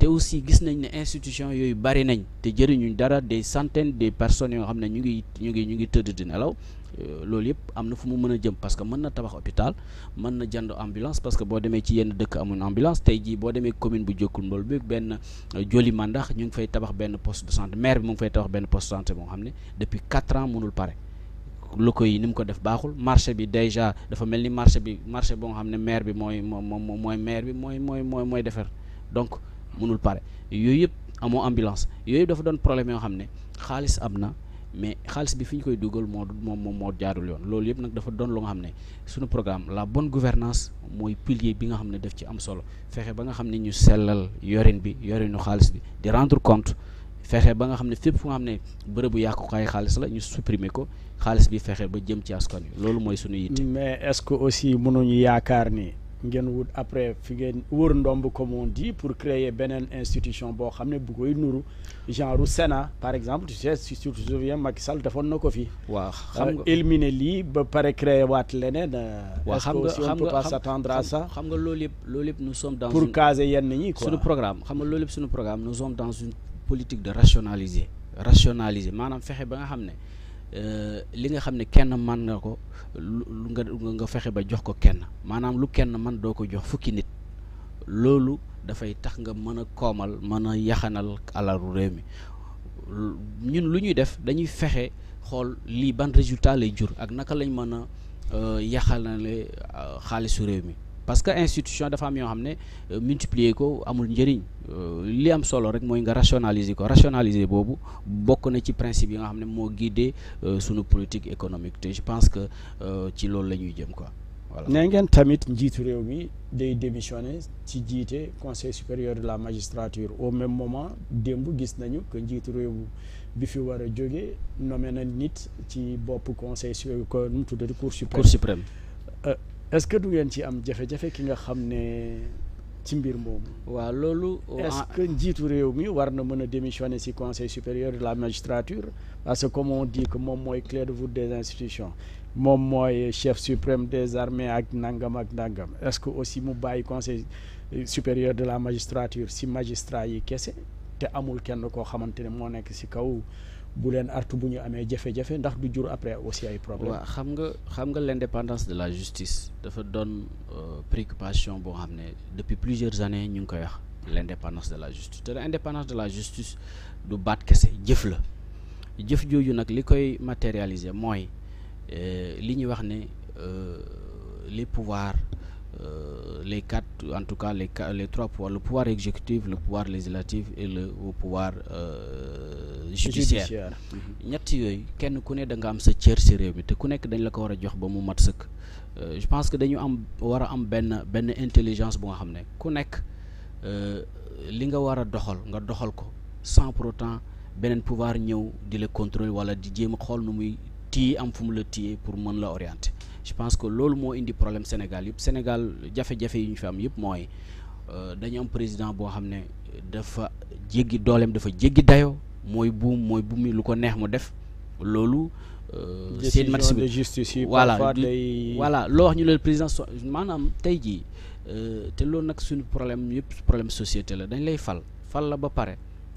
te aussi gis nañ né institution yoyu bari nañ té jëriñu dara des centaines des personnes yo xam ñu ngi ñu ngi ñu ngi teud di nelaw euh, lool yépp amna fu mu jëm parce que mëna tabax hôpital mëna na jënd ambulance parce que bo démé ci yenn dëkk amul ambulance tay ji bo démé commune bu jëkul mbol bi ben euh, joli mandax ñu ngi fay tabax ben poste de santé maire bi mu ngi fay tabax ben poste de santé boo xamné depuis quatre ans mënul pare locaux yi ni ko def baxul marché bi déjà dafa melni marché bi marché bo xamné maire bi moy moy moy moy maire bi moy moy moy moy défer donc mënul pare yooyu yëpp amoo ambulance yooyu yëpp dafa doon problème yoo xam ne xaalis am na mais xaalis bi fi ñu koy dugal moo moom moom moo jaarul yoon loolu yëpp nag dafa doon lu nga xam ne suñu programme la bonne gouvernance mooy pilier bi nga xam ne daf ci am solo fexe ba nga xam ne ñu sellal yorin bi yorinu xaalis bi di rendre fexe ba nga xam ne fépp fu nga ne bërëbu yàqukaay xaalis la ñu supprimer ko xaalis bi fexe ba jëm ci askan wi loolu mooy suñu yitte mais est aussi mënuñu yaakaar ni ngeen wut après fi ngeen wër ndomb comme on dit pour créer benen institution bo xamné bu koy nuru genre Sénat par exemple tu sais si tu te souviens Macky Sall defoon na fi. waaw euh, xam nga éliminer li ba pare créer wat leneen. Euh, waaw xam nga xam nga pas s'attendre ça. xam nga loolu yëpp nous sommes dans. pour caser yenn ni quoi suñu programme xam nga loolu yëpp programme nous sommes dans une politique de rationaliser rationaliser manam fexé ba nga xamné Euh, li nga xam ne kenn man na ko lu nga fexe ba jox ko kenn maanaam lu kenn man doo ko jox fukki nit loolu dafay tax nga mën a koomal mën a yaxanal alalu réew mi ñun lu ñuy def dañuy fexe xool lii ban résultat lay jur ak naka lañ mën a euh, yaxanale euh, xaalisu réew mi parce que institution dafa am yoo xam euh, multiplier ko amul njëriñ euh, li am solo rek moy nga rationaliser ko rationaliser bobu bokk na ci principe yi nga xamné mo guider euh, suñu politique économique je pense que ci loolu lañuy jëm quoi. voilà né ngeen tamit njitu réew mi day démissionné ci jiite conseil supérieur de la magistrature au même moment dembu gis nañu que njitu réew bi fi wara joggé nomé na nit ci bop conseil su nu mu cour suprême cour suprême est-ce que nous avons am est-ce que conseil supérieur de la magistrature parce que comme on dit que mom moy est de vous des institutions mom moy chef suprême des armées est-ce que aussi mu conseil euh, supérieur de la magistrature si magistrat yi kese amul kenn ko boulen artu buñu amé jafé jafé ndax du jour après aussi ay problème wa xam nga xam nga l'indépendance de la justice dafa donne euh, préoccupation bo xamné depuis plusieurs années ñu ngi koy wax l'indépendance de la justice te l'indépendance de la justice du baat kessé jëf la jëf joju nak li koy matérialiser euh li ñuy wax euh les pouvoirs euh, les quatre, en tout cas les, les, trois pouvoirs, le pouvoir exécutif, le pouvoir législatif et le pouvoir euh, judiciaire. Mhm. ñett yoy kenn ku ne da nga am sa cër si réew mi te ku nekk dañ la ko wara jox ba mu mat sëkk euh, je pense que dañu am wara am ben ben intelligence bu nga xam ne ku nekk euh, li nga wara doxal nga doxal ko sans pour autant beneen pouvoir ñëw di le contrôler wala di jéem xol nu muy téye am fu mu la pour mën la orienter. je pense que loolu moo indi problème Sénégal yëpp Sénégal jafe-jafe yi ñu fi am yëpp mooy euh, dañu am président boo xam ne dafa jéggi dooleem dafa jéggi dayoo mooy buum mooy buum yi lu ko neex mu def loolu. seen match bi justice yi voilà voilà loo wax ñu leen président so maanaam tey jii euh, te loolu nag suñu problème yëpp problème société la dañ lay fal fal la ba pare.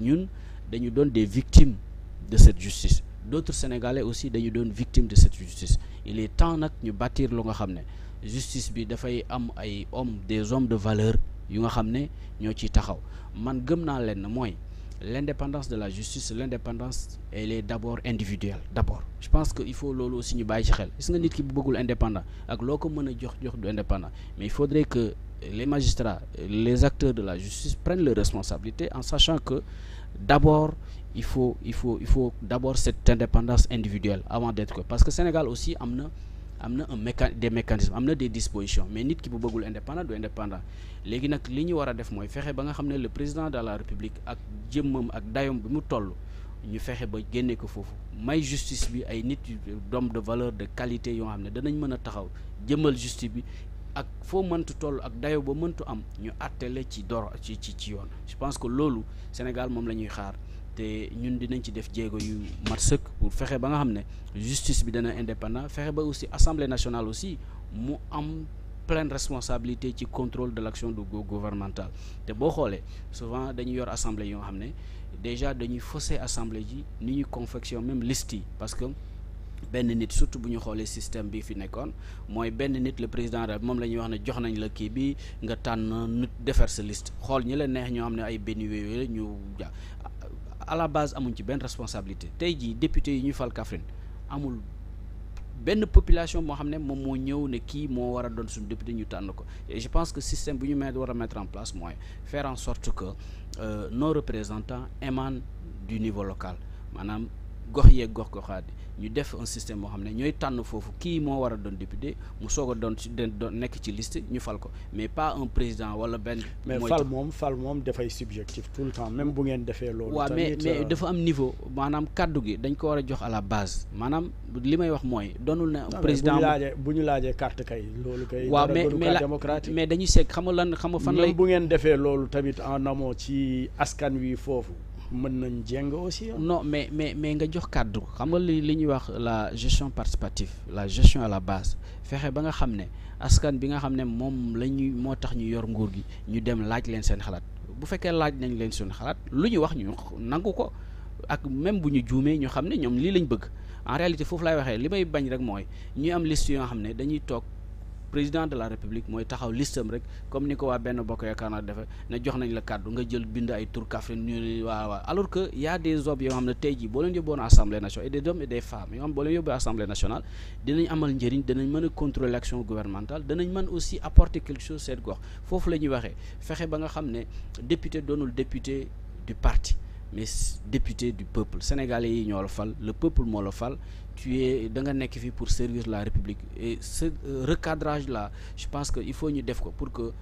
nous ñun des victimes de cette justice d'autres sénégalais aussi donnent des victimes de cette justice il est temps de ñu bâtir que nga justice bi hommes des hommes de valeur yu nga xam ne taxaw l'indépendance de la justice l'indépendance elle est d'abord individuelle d'abord je pense qu'il faut que aussi nous bàyyi indépendant mais il faudrait que les magistrats les acteurs de la justice prennent leurs responsabilités en sachant que d'abord il faut il faut il faut d'abord cette indépendance individuelle avant d'être que parce que Sénégal aussi amène amna un méca des mécanismes des dispositions mais nit ki bu bëggul indépendant du indépendant léegi nak li ñu war def moy fexé ba nga xamné le président de la république ak jëmmam ak dayom bi mu tollu ñu fexé ba génné ko fofu may justice bi ay nit d'homme de valeur de qualité yo xamné dañ danañ mën taxaw jëmmal justice bi ak fo mëntu tollu ak dayo ba mëntu am ñu attele ci dor ci ci yoon je pense que lolu Sénégal mom lañuy xaar té ñun dinañ ci def djégo yu mat sëkk pour fexé ba nga xamné justice bi dana indépendant fexé ba aussi assemblée nationale aussi mu am pleine responsabilité ci contrôle de l'action du gouvernemental té bo xolé souvent dañuy yor assemblée yo xamné déjà dañuy fausser assemblée ji ni ñuy confection même liste parce que ben nit surtout bu ñu xoolee système bi fi nekkoon moy ben nit le président rek mom lañuy wax ne jox nañ la ki bi nga tan nit défer ce liste xol ñi la neex ñu xamné ay benn ñu à la base amuñ ci ben responsabilité tay ji député yi ñu fal Kaffrine amul ben population mo xamné ne mo moo ñëw ne député ñu ko et je pense que système bu ñu mettre mettre en place moy faire en sorte que euh, nos représentants émanent du niveau local manam gox yeeg gox goxaat yi ñu def un système moo xamné ñoy ñooy fofu ki mo wara don député mu soog don doon ci doon ci liste ñu fal ko mais pas un président wala ben mais fal mom fal mom da fay subjectif tout le temps même bu ngeen défé lolu loolu. waaw mais euh, mais dafa am niveau manam kaddu gi dañ ko wara jox à la base manam limay wax moy donul na. président buñu ñu laajee bu carte kay. lolu kay wa mais mais mais dañuy sék xam nga lan xam nga fan lay. bu ngeen défé lolu tamit en amont ci askan wi fofu mën nañ jeng aussi. Hein? non mais mais mais nga jox cadre xam nga li ñuy wax la gestion participative la gestion à la base fexé ba nga xamné askan bi nga xamné mom moom motax ñu yor nguur gi ñu dem laaj leen seen xalat bu fekké laaj nañ leen seen xalat lu ñu wax ñu nangu ko ak même bu ñu juumee ñu xamné ñom li lañ bëgg en réalité fofu lay waxé limay bañ rek moy ñu am liste yo xamné dañuy tok président de la république moy taxaw listam rek comme niko wa ben bokk yakana def na ne jox nañ la kàddu nga jël bind ay tour Kaffrine ñu wa wa alors que y a des hommes yo xamne ne tey jii boo leen assemblée nationale et des hommes et des femmes yo xam boo leen yóbboo assemblée nationale dinañ amal njëriñ dinañ mën contre contrôler l'action gouvernementale dinañ mën aussi apporter quelque chose cette gox foofu lañuy waxé fexé ba nga xamné député doonul député du parti mais député du peuple sénégalais yi ñoo fal le peuple mo fal tu es da nga nekk pour servir la république et ce euh, recadrage là je pense que il faut ñu def ko pour que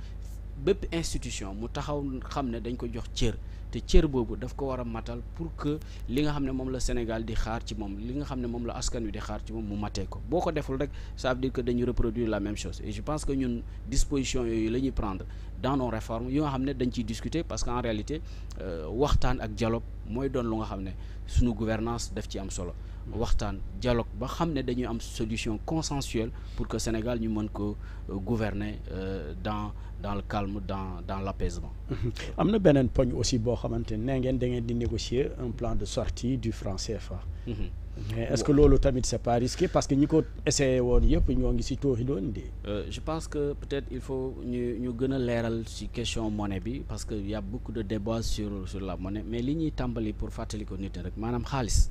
bépp institution mu taxaw xam ne dañ ko jox cër te cër bobu daf ko wara matal pour que li nga xam mom la Sénégal di xaar ci mom li nga xam mom la askan wi di xaar ci mom mu maté ko boko deful rek ça veut dire que dañu reproduire la même chose et je pense que ñun disposition yoyu la prendre dans nos réformes yo xam dañ ci discuter parce qu'en réalité euh, waxtaan ak dialogue moy doon lu nga xam suñu gouvernance daf ci am solo waxtaan dialogue ba xam ne dañuy am solution consensuelle pour que Sénégal ñu mën ko euh, gouverner euh, dans dans le calme dans dans l'apaisement <laughs> am na beneen poñ aussi boo xamante ne ngeen da ngeen di négocier un plan de sortie du franc CFA. Mhm. mais est-ce que loolu tamit c'est pas risqué parce que ñi ko essayé woon yëpp ñoo ngi ci tooxi doon de. Euh, je pense que peut-être il faut ñu ñu gën a leeral ci question monnaie bi parce que y a beaucoup de débats sur sur la monnaie mais li ñuy tàmbali pour fàttali ko nit rek maanaam xaalis.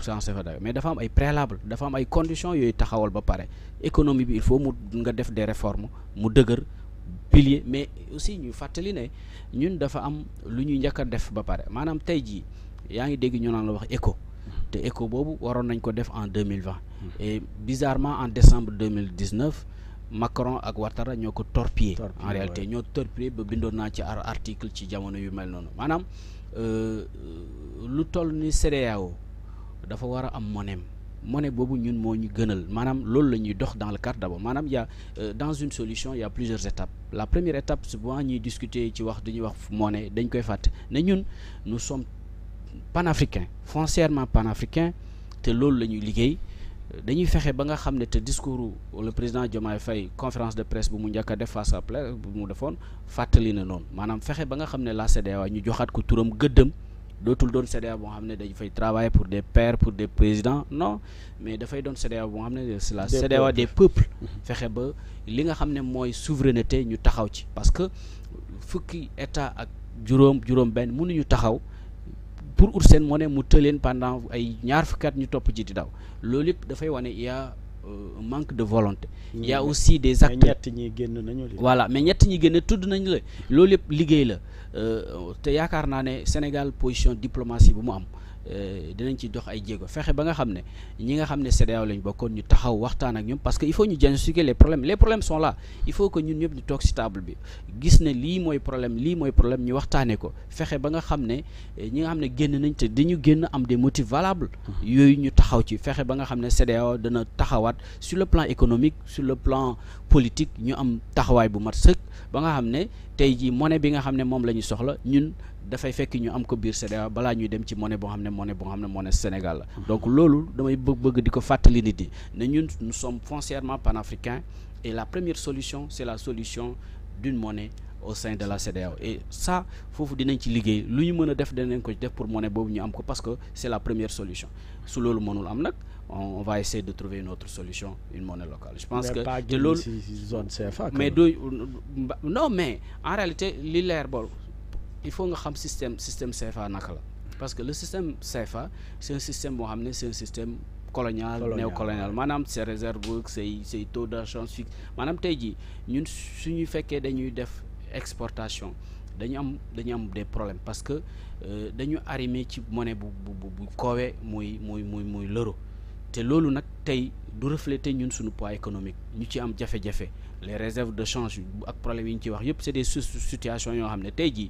sans effet mais dafa am ay préalable dafa am ay conditions yooyu taxawal ba pare économie bi il faut mu nga def de réformes mu dëgër pilier mais aussi ñu fàttali ne ñun dafa am lu ñuy njëkk a def ba pare maanaam tey jii yaa ngi dégg ñu naan la wax éco te éco boobu waroon nañ ko def en deux mille vingt hmm. et bizarrement en décembre deux mille dix neuf Macron ak Ouattara ñoo ko torpillé en réalité ñoo torpillé ba bindoon naa ci article ci jamono yu mel noonu maanaam euh, lu toll ni CEDEAO dafa war a am monem monnaie boobu ñun moo ñu gënal maanaam loolu la ñuy dox dans le cadre d'abord maanaam y a euh, dans une solution il y a plusieurs étapes la première étape souvent ñuy discuter ci wax dañuy wax monnaie dañ koy fàtte ne ñun nous sommes panafricains foncièrement panafricains te loolu la ñuy liggéey dañuy fexe ba nga xam ne te discours le président Diomaye Faye conférence de presse bu mu njëkk a def face à place bu mu defoon fàttali na noonu maanaam fexe ba nga xam la CEDEAO ñu joxaat ko turam gëddam dootul doon CDA boo xam ne dañ fay travailler pour des pères pour des présidents non mais dafay doon CEDEAO boo xam ne c'est la CEDEAO des peuples mhm. fexe ba li nga xam ne mooy souveraineté ñu taxaw ci parce que fukki état ak juróom juróom benn mënuñu taxaw pour ut seen monnaie mu tëleen pendant ay ñaar fukki at ñu topp ji di daw loolu yëpp dafay wane il y a euh, un manque de volonté. Mm. il y a aussi des actes voilà mais ñett ñi génn tudd nañu la loolu yëpp liggéey la euh, te yaakaar naa Sénégal position diplomatique bu mu am. Euh, dinañ ci dox ay jéego fexe ba nga xam ne ñi nga xam ne CEDEAO lañ bokkoon ñu taxaw waxtaan ak ñoom parce que il faut ñu diagnostiquer les problèmes les problèmes sont là il faut que ñun ñëpp ñu toog ci table bi gis ne lii mooy problème lii mooy problème ñu waxtaanee ko fexe ba nga xam ne eh, ñi nga xam ne génn nañ te dañu génn am des motifs valables yooyu ñu taxaw ci fexe ba nga xam ne CEDEAO dana taxawaat sur le plan économique sur le plan politique ñu am taxawaay bu mat sëkk ba nga xam ne tey jii monnaie bi nga xam ne moom la ñu soxla ñun dafay fekk ñu am ko biir CEDEAO bala ñuy dem ci monnaie bo monnaie bo monnaie Sénégal donc loolu damay bëgg bëgg diko nous sommes foncièrement panafricains et la première solution c'est la solution d'une monnaie au sein de la CDAO et ça il dinañ ci liggéey lu ñu mëna def danañ ko def pour monnaie boobu ñu am parce que c'est la première solution su loolu mënul am nak on va essayer de trouver une autre solution une monnaie locale je pense que mais euh, non mais en réalité li leer il faut nga xam système système CFA nakala parce que le système CFA c'est un système boo c'est un système colonial néocolonial maanaam ses réserves réserve c'est taux d'argent fixe maanaam tey jii ñun suñu fekkee dañuy def exportation dañu am dañu am des problèmes parce que euh, dañu arrimer ci monnaie bu bu bu koowee muy muy muy muy l'euro te loolu nag tay du refléter ñun suñu poids économique ñu ci am jafé jafé les réserves de change ak problème yi ñu ci wax yépp c'est des situations yo xamné ne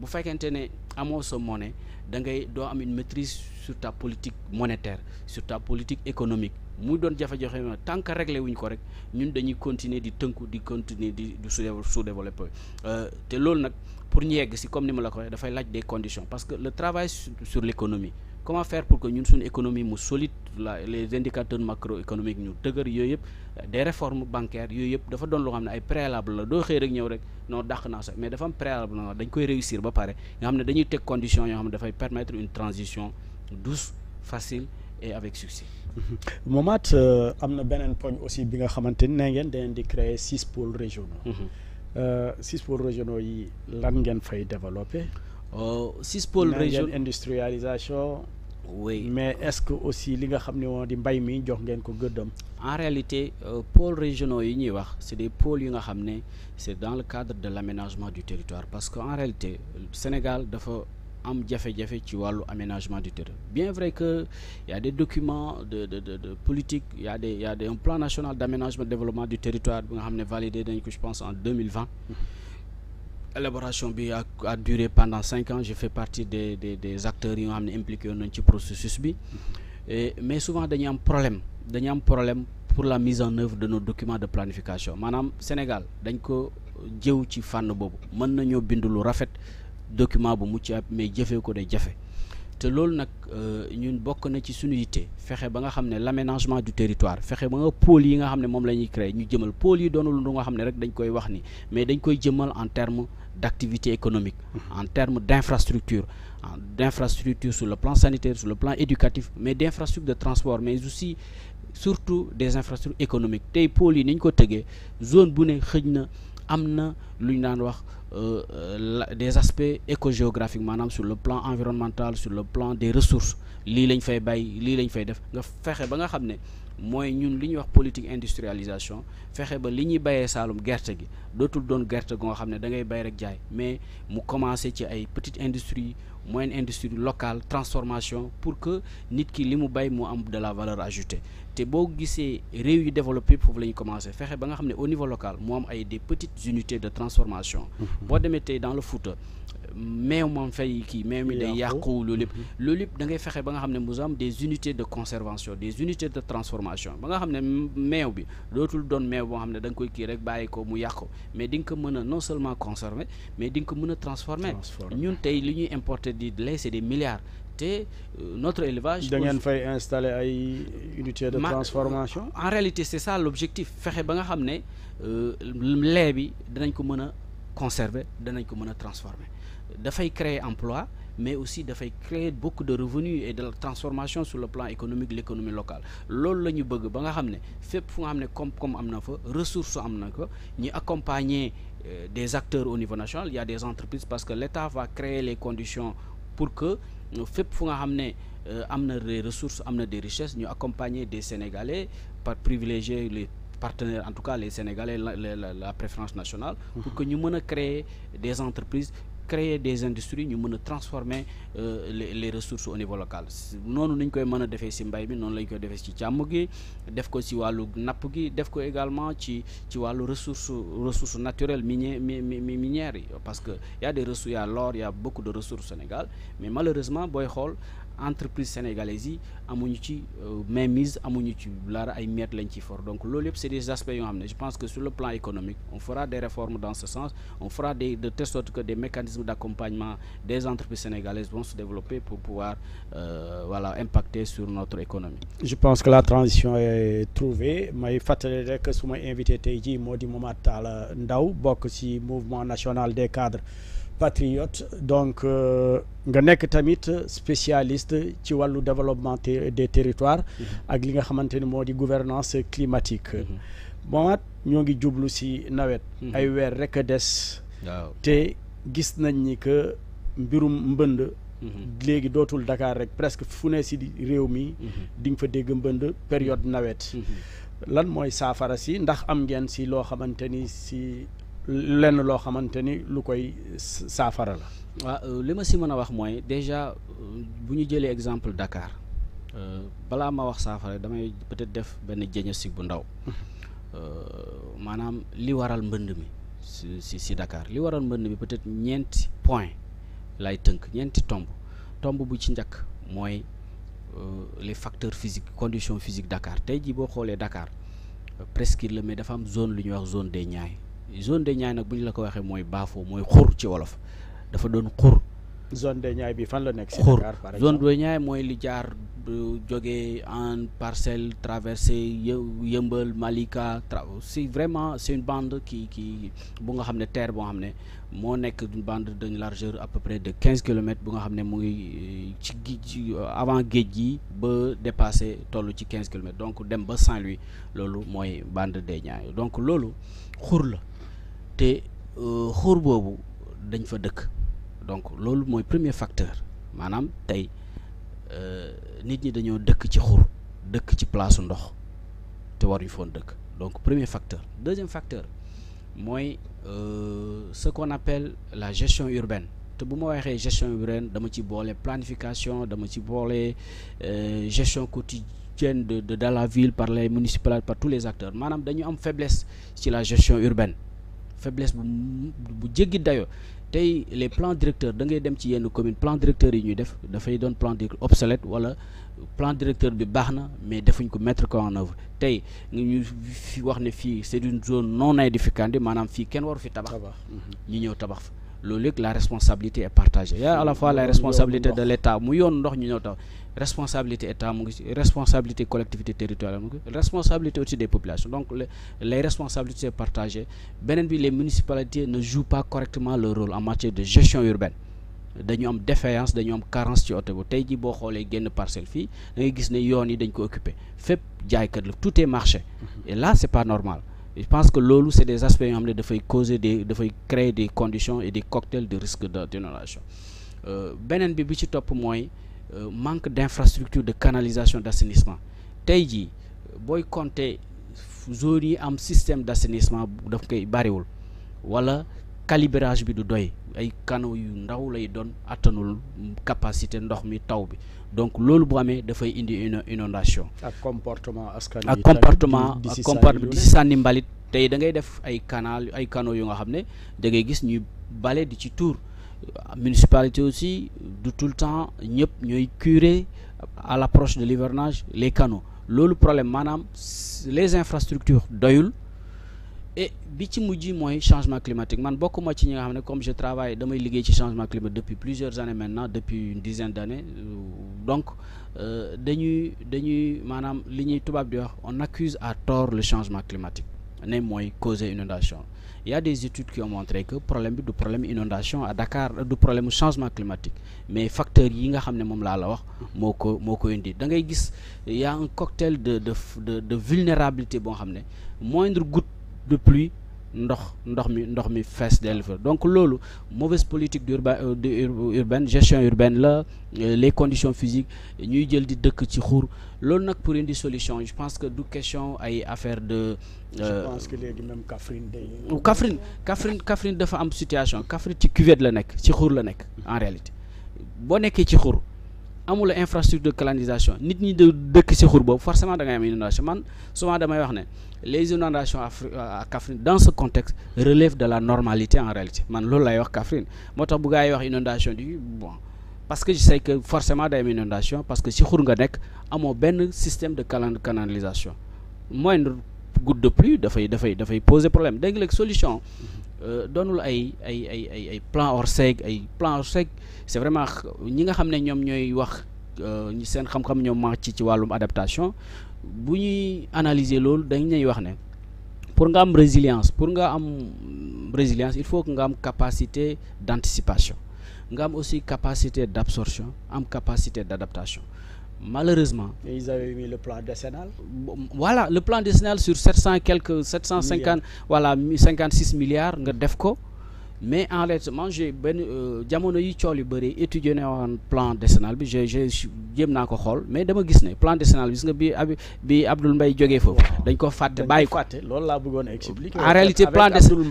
bu fekkente ne amoo sa monnaie da ngay doo am une maîtrise sur ta politique monétaire sur ta politique économique mu doon jafe-jafe ma tant que réglé wuñ ko rek ñun dañuy continuer di tënku di continuer di di sous-développé euh, te loolu nag pour ñu yegg si comme ni ma la ko waxee dafay laaj des conditions parce que le travail sur l'économie comment faire pour que ñun suñu économie mu solide la les indicateurs macroéconomiques ñu dëgër yooyu euh, des réformes bancaires yooyu yëpp dafa doon loo xam ne ay préalable la doo xëy rek ñëw rek non dàq naa sax mais dafa am préalable na dañ koy réussir ba pare nga xam ne dañuy teg conditions yoo xam ne dafay permettre une transition douce facile et avec succès. <laughs> Momaat euh, am na beneen poñ aussi bi nga xamante ni nee ngeen da di créer six pôles régionaux. Mhm. Euh, six pôles régionaux yi lan ngeen fay développer. Oh, six pôles régionaux industrialisation. Oui. Mais est-ce que aussi li nga des ne di mbay mi jox ko En réalité euh, pôles régionaux yi c'est des pôles yi nga c'est dans le cadre de l'aménagement du territoire parce qu'en réalité, réalité Sénégal dafa am jafé jafé ci aménagement du territoire bien vrai que il y a des documents de de de de politique y a des y a un plan national d'aménagement et développement du territoire bi nga validé dañ ko je pense en 2020 élaboration bi a duré pendant cinq ans Je fais partie des des des acteurs qui ont impliqué woon nañ ci processus bi mais souvent a am problème a am problème pour la mise en œuvre de nos documents de planification Madame Sénégal dañ ko jëw ci fànn boobu mën nañoo bind rafet document bu mucc mais jëfee ko day jafé té lool nak euh, ñun bokk na ci suñu yité fexé ba nga xamné l'aménagement du territoire fexé ba nga pôle yi nga xamné mom lañuy créer ñu jëmal pôle yi doonul lu nga xamné rek dañ koy wax ni mais dañ koy jëmal en terme d'activité économique, en termes d'infrastructures, d'infrastructures sur le plan sanitaire, sur le plan éducatif, mais d'infrastructures de transport, mais aussi surtout des infrastructures économiques. Et pour zone bu euh, euh, des aspects écogéographiques sur le plan environnemental sur le plan des ressources moy ñun li politique industrialisation fexé ba li ñuy bayee Saalum gerte gi dotul doon gerte go xamné da ngay bay rek mais mu commencé ci ay petite industrie moyenne industrie locale transformation pour que nit ki de la valeur ajoutée té bo gissé réew yu développé ba au niveau local mu am des petites unités de transformation mmh. boo dans le foot mais on fay qui meew mi day yàqu loolu le mhm. da ngay fexé ba nga xamné ne des unités de conservation des unités de transformation ba nga xamné ne bi dotul don meew boo xam ne koy ki rek bayiko mu yakko mais di ko meuna non seulement conserver mais di ko meuna transformer ñun tay li ñuy importer di laisser des milliards té euh, notre élevage. da ngeen fay installer ay unités de transformation. Euh, en réalité c'est ça l'objectif fexé ba nga xamné euh lait bi danañ ko meuna conserver danañ ko meuna transformer faut créer emploi mais aussi fait créer beaucoup de revenus et de la transformation sur le plan économique de l'économie locale loolu le nous bëgg ba nga xam fu nga accompagner euh, des acteurs au niveau national il y a des entreprises parce que l'État va créer les conditions pour que nous euh, fait nga amener euh, des ressources amener des richesses nous accompagner des Sénégalais par privilégier les partenaires en tout cas les Sénégalais la préférence nationale pour mmh. que nous puissions créer des entreprises créer des industries nous pouvons transformer euh, les ressources au niveau local Nous nous ñu koy mën a defee ci mbay mi noonu la koy defee ci gi def ko ci gi également ci ci naturelles ressources, ressources naturelles, parce que y a des ressources il y a l'or il y a beaucoup de ressources au Sénégal mais malheureusement boy xool entreprise sénégalaises y amuñu ci euh, mise amuñu ci laara ay miettes lañ donc loolu c'est des aspects yo je pense que sur le plan économique on fera des réformes dans ce sens on fera des de telle sorte que des mécanismes d'accompagnement des entreprises sénégalaises vont se développer pour pouvoir euh, voilà impacter sur notre économie. je pense que la transition est trouvée mais fatel invité mouvement national des cadres patriote donc euh, nga tamit spécialiste ci développement des territoires mm-hmm. ak gouvernance climatique mm-hmm. bon ñoo ngi si nawet mm-hmm. ay rek gis nañ ni que mbirum Dakar presque mi période nawet lan lenn loo xamante ni lu koy saafara la. waaw euh, li ma si mën wax mooy déjà euh, bu ñu jëlee exemple Dakar euh, balaa ma wax saafara damay peut-être def benn diagnostic bu ndaw <laughs> maanaam li waral mbënd mi si si Dakar li waral mbënd mi peut-être ñeenti point lay tënk ñeenti tomb tomb bu ci njëkk mooy les facteurs physiques conditions physiques Dakar tey jii boo xoolee Dakar presque le mais dafa am zone lu ñuy wax zone des Niayes zone de ñaay nak buñ la ko waxee moy baafoo moy xur ci wolof dafa doon xur. zone de ñaay bi fan la nek ci Dakar par exemple zone de ñaay moy li jaar jógee en parcelle traversé yembal Malika C'est vraiment c'est une bande qui qui bu nga xamné terre bo xam ne moo nekk une bande d'une largeur à peu près de quinze kilomètres bu nga xamné ne ngi euh, ci euh, avant guedji gi ba dépasser toll ci quinze kilomètres donc dem ba Saint-Louis lolu moy bande de ñaay donc lolu xur la te euh, xur boobu dañ fa dëkk donc loolu mooy premier facteur maanaam tey euh, nit ñi dañoo dëkk ci xur dëkk ci place ndox te foon dëkk donc premier facteur deuxième facteur mooy euh, ce qu'on appelle la gestion urbaine te bu ma waxee gestion urbaine dama ci boole planification dama ci boole gestion quotidienne de de la ville par les municipales par tous les acteurs maanaam dañu am faiblesse ci la gestion urbaine faiblesse bu djegi dayo tay les plans directeurs da ngay dem ci yenn commune plan directeur yi ñu def fay plan directeur obsolète wala plan directeur bi baxna mais defuñ ko mettre en œuvre tey ñu fi wax ne fi c'est une zone non aedificandi manam fi kenn war fi tabax ñi mm-hmm. ñew tabax fa la responsabilité est partagée y a à la fois la responsabilité de l'État mu yoon ndox ñu ñew tabax responsabilité état responsabilité collectivité territoriale responsabilité aussi des populations donc les, responsabilités partagées benen les municipalités ne jouent pas correctement leur rôle en matière de gestion urbaine dañu am défaillance dañu am carence ci oto bu tey bo xolé xoolee parcelle fi da ngay ne dañ ko tout est marché mhm. et là c'est pas normal je pense que lolu c'est des aspects qui ont da causer des créer des conditions et des cocktails de risque d'inondation Une euh, bi bi ci topp euh, manque d'infrastructure de canalisation d'assainissement tey boy euh, booy compter zones am système d'assainissement daf koy bariwul wala calibrage bi du doy ay canaux yu ndaw lay doon attanul capacité ndox mi taw bi donc loolu bu da fay indi une inondation ak comportement askan ak comportement ak comportement di si mbalit tay da ngay def ay canal ay canaux yu nga xamné da ngay gis ñuy balé di ci tour municipalité aussi tout le temps nous curé curer à l'approche de l'hivernage les canaux le problème manam les infrastructures doyul et bi ci mujj changement climatique man beaucoup comme je travaille dans le changement climatique depuis plusieurs années maintenant depuis une dizaine d'années donc euh, dañuy dañuy nous, li ñuy tubaab on accuse à tort le changement climatique ne causé causer inondation il y a des études qui ont montré que le problème de du problème inondation à Dakar du problème changement climatique mais facteurs yi nga xamné mom la la wax y a un cocktail de vulnérabilité moindre goutte de pluie ndox ndox mi ndox mi fess donc lolu mauvaise politique euh, urbaine gestion urbaine la euh, les conditions physiques ñuy jël di dëkk ci xour lolu nak pour une solution je pense que du question ay affaire de. Euh, je pense que légui même Catherine, day. une situation kafrine dafa am situation Kaffrine ci cuvette la nek ci xour la nek en réalité bo nekkee ci xour il infrastructure de canalisation nit ni de dëkk Il xur forcément da ngay am inondation man souvent les inondations euh, à Kaffrine dans ce contexte relève de la normalité en réalité man loolu lay wax Kaffrine moo bu inondation du bon parce que je sais que forcément day am inondation parce que si xur nga nekk amoo benn système de canalisation une goutte de pluie dafay dafay dafay poser problème dégg que les solutions euh, doonul ay ay ay ay ay plan Orsec ay plan Orsec c'est vraiment ñi nga xamné ñom ñoy wax ñi euh, seen xam-xam ñom màcc ci ci adaptation bu ñuy analyser lool dañ ñay wax né pour nga am résilience pour nga am résilience il faut que nga am capacité d'anticipation nga am aussi capacité d'absorption am capacité d'adaptation malheureusement. ils avaient mis le plan décennal. Voilà, le plan décennal sur 700 750, voilà, 56 milliards, de Mais en réalité, j'ai euh, étudié un plan décennal j'ai eu un mais plan décennal Mbaye en réalité plan décennal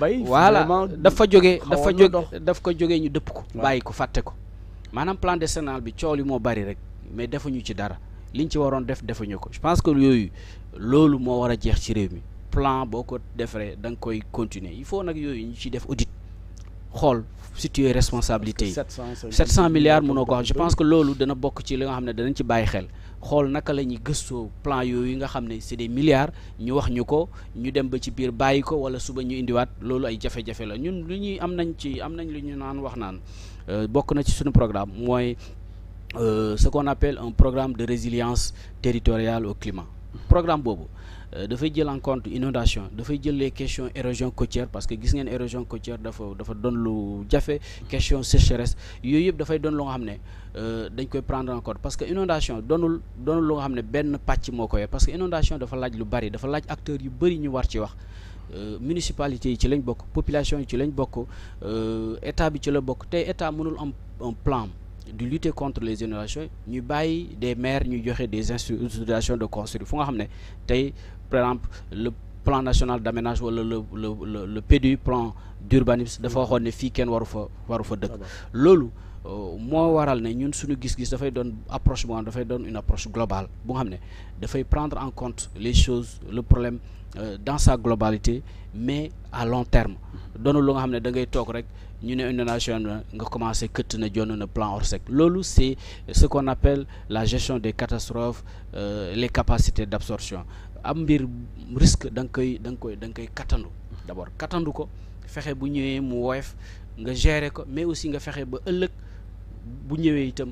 plan décennal mais defuñu ci dara liñ ci waroon def defuñu ko je pense que yooyu loolu moo war a jeex ci réew mi plan boo ko defaree da nga koy continuer il faut nag yooyu ñu ci def audit xool situer responsabilité yi 700 milliards mënoo ko wax je pense que loolu dana bokk ci li nga xam ne danañ ci bàyyi xel xool naka la ñuy gëstoo plan yooyu nga xam ne c'est des milliards ñu wax ñu ko ñu dem ba ci biir bàyyi ko wala suba ñu indiwaat loolu ay jafe-jafe la ñun lu ñuy am nañ ci am nañ lu ñu naan wax naan euh, bokk na ci suñu programme mooy euh, ce qu'on appelle un programme de résilience territoriale au climat programme boobu euh, dafay jël en compte inondation dafay jël les questions érosion côtière parce que gis ngeen érosion côtière dafa donner le, lu jafe question sécheresse Il faut dafay doon lu nga xam ne euh, dañ koy prendre en compte parce que inondation donul donul lo nga xamné ben patch pàcc ko parce que inondation dafa laaj lu bari dafa laaj acteurs yu bari ñu war ci wax euh, municipalité yi ci lañ bokk population yi ci lañ bokk état bi ci la bokk tey état mënul am un plan de lutter contre les inondations nous bàyyi des maires ñu joxe des institutions de construire fu nga par exemple le plan national d'aménagement, wala le le le le PDU plan d'urbanisme dafa faut que nous kenn waru fa waru fa moi, loolu euh, moo waral nous, ñun suñu gis-gis approche une approche globale bu nga xam prendre en compte les choses le problème euh, dans sa globalité mais à long terme Donc lu nga xam ne da ngay ñu ne inondation nga commencé këtt na jonne na plan Orsec loolu c'est ce qu'on appelle la gestion des catastrophes euh, les capacités d'absorption am bir risque dang koy dang koy dang koy katandu d'abord katandu ko fexé bu ñëwé mu woyef nga gérer ko mais aussi nga fexé ba ëlëk bu ñëwé itam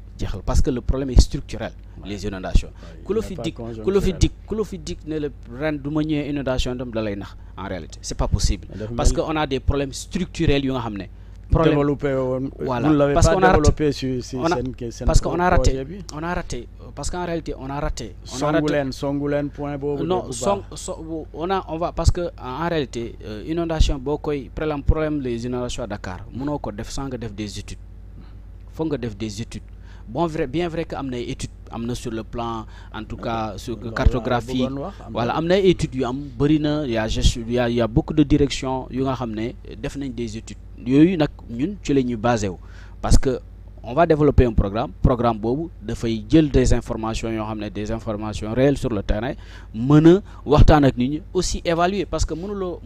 jeexal parce que le problème est structurel les inondations ku la fi dig ku la ne le ren du ma inondation dem da lay nax en réalité c'est pas possible parce que on a des problèmes structurels yu nga xam problème développé woon euh, voilà parce qu'on a sur si seen parce qu'on a raté on a raté parce qu'en réalité on a raté songu leen point boobu non song so on a on va parce que en réalité euh, inondation boo koy problème problème les inondations à Dakar mënoo ko def sans nga def des études foog nga def des études bien vrai que y étude sur le plan en tout cas sur cartographie voilà y a beaucoup de directions yu nga des études Nous, nak ñun ci parce que on va développer un programme programme de feuille jël des informations des informations réelles sur le terrain mëna aussi évaluer parce que nous lo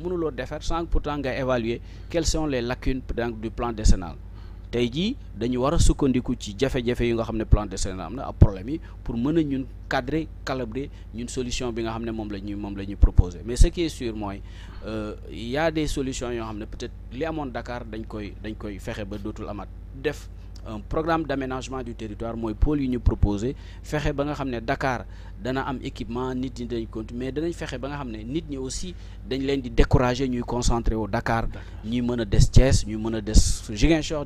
sans pourtant évaluer quelles sont les lacunes du plan décennal tey ji dañu wara a sukkandiku ci jafé jafé yi nga xamné plan de scène amna na problème yi pour mëna ñun cadrer calibrer ñun solution bi nga xamné mom moom mom ñuy proposer mais ce qui est sûr euh il y a des solutions yo xamné peut-être li amone Dakar dañ koy dañ koy fexé ba dotul amaat def un programme d'aménagement du territoire moy pôle yu ñu proposé fexé ba nga xamné Dakar dana am équipement nit ñi dañ compte mais danañ fexé ba nga xamné nit ñi aussi dañ leen di décourager ñuy concentré au Dakar ñuy mëna dess Thiès ñuy mëna dess des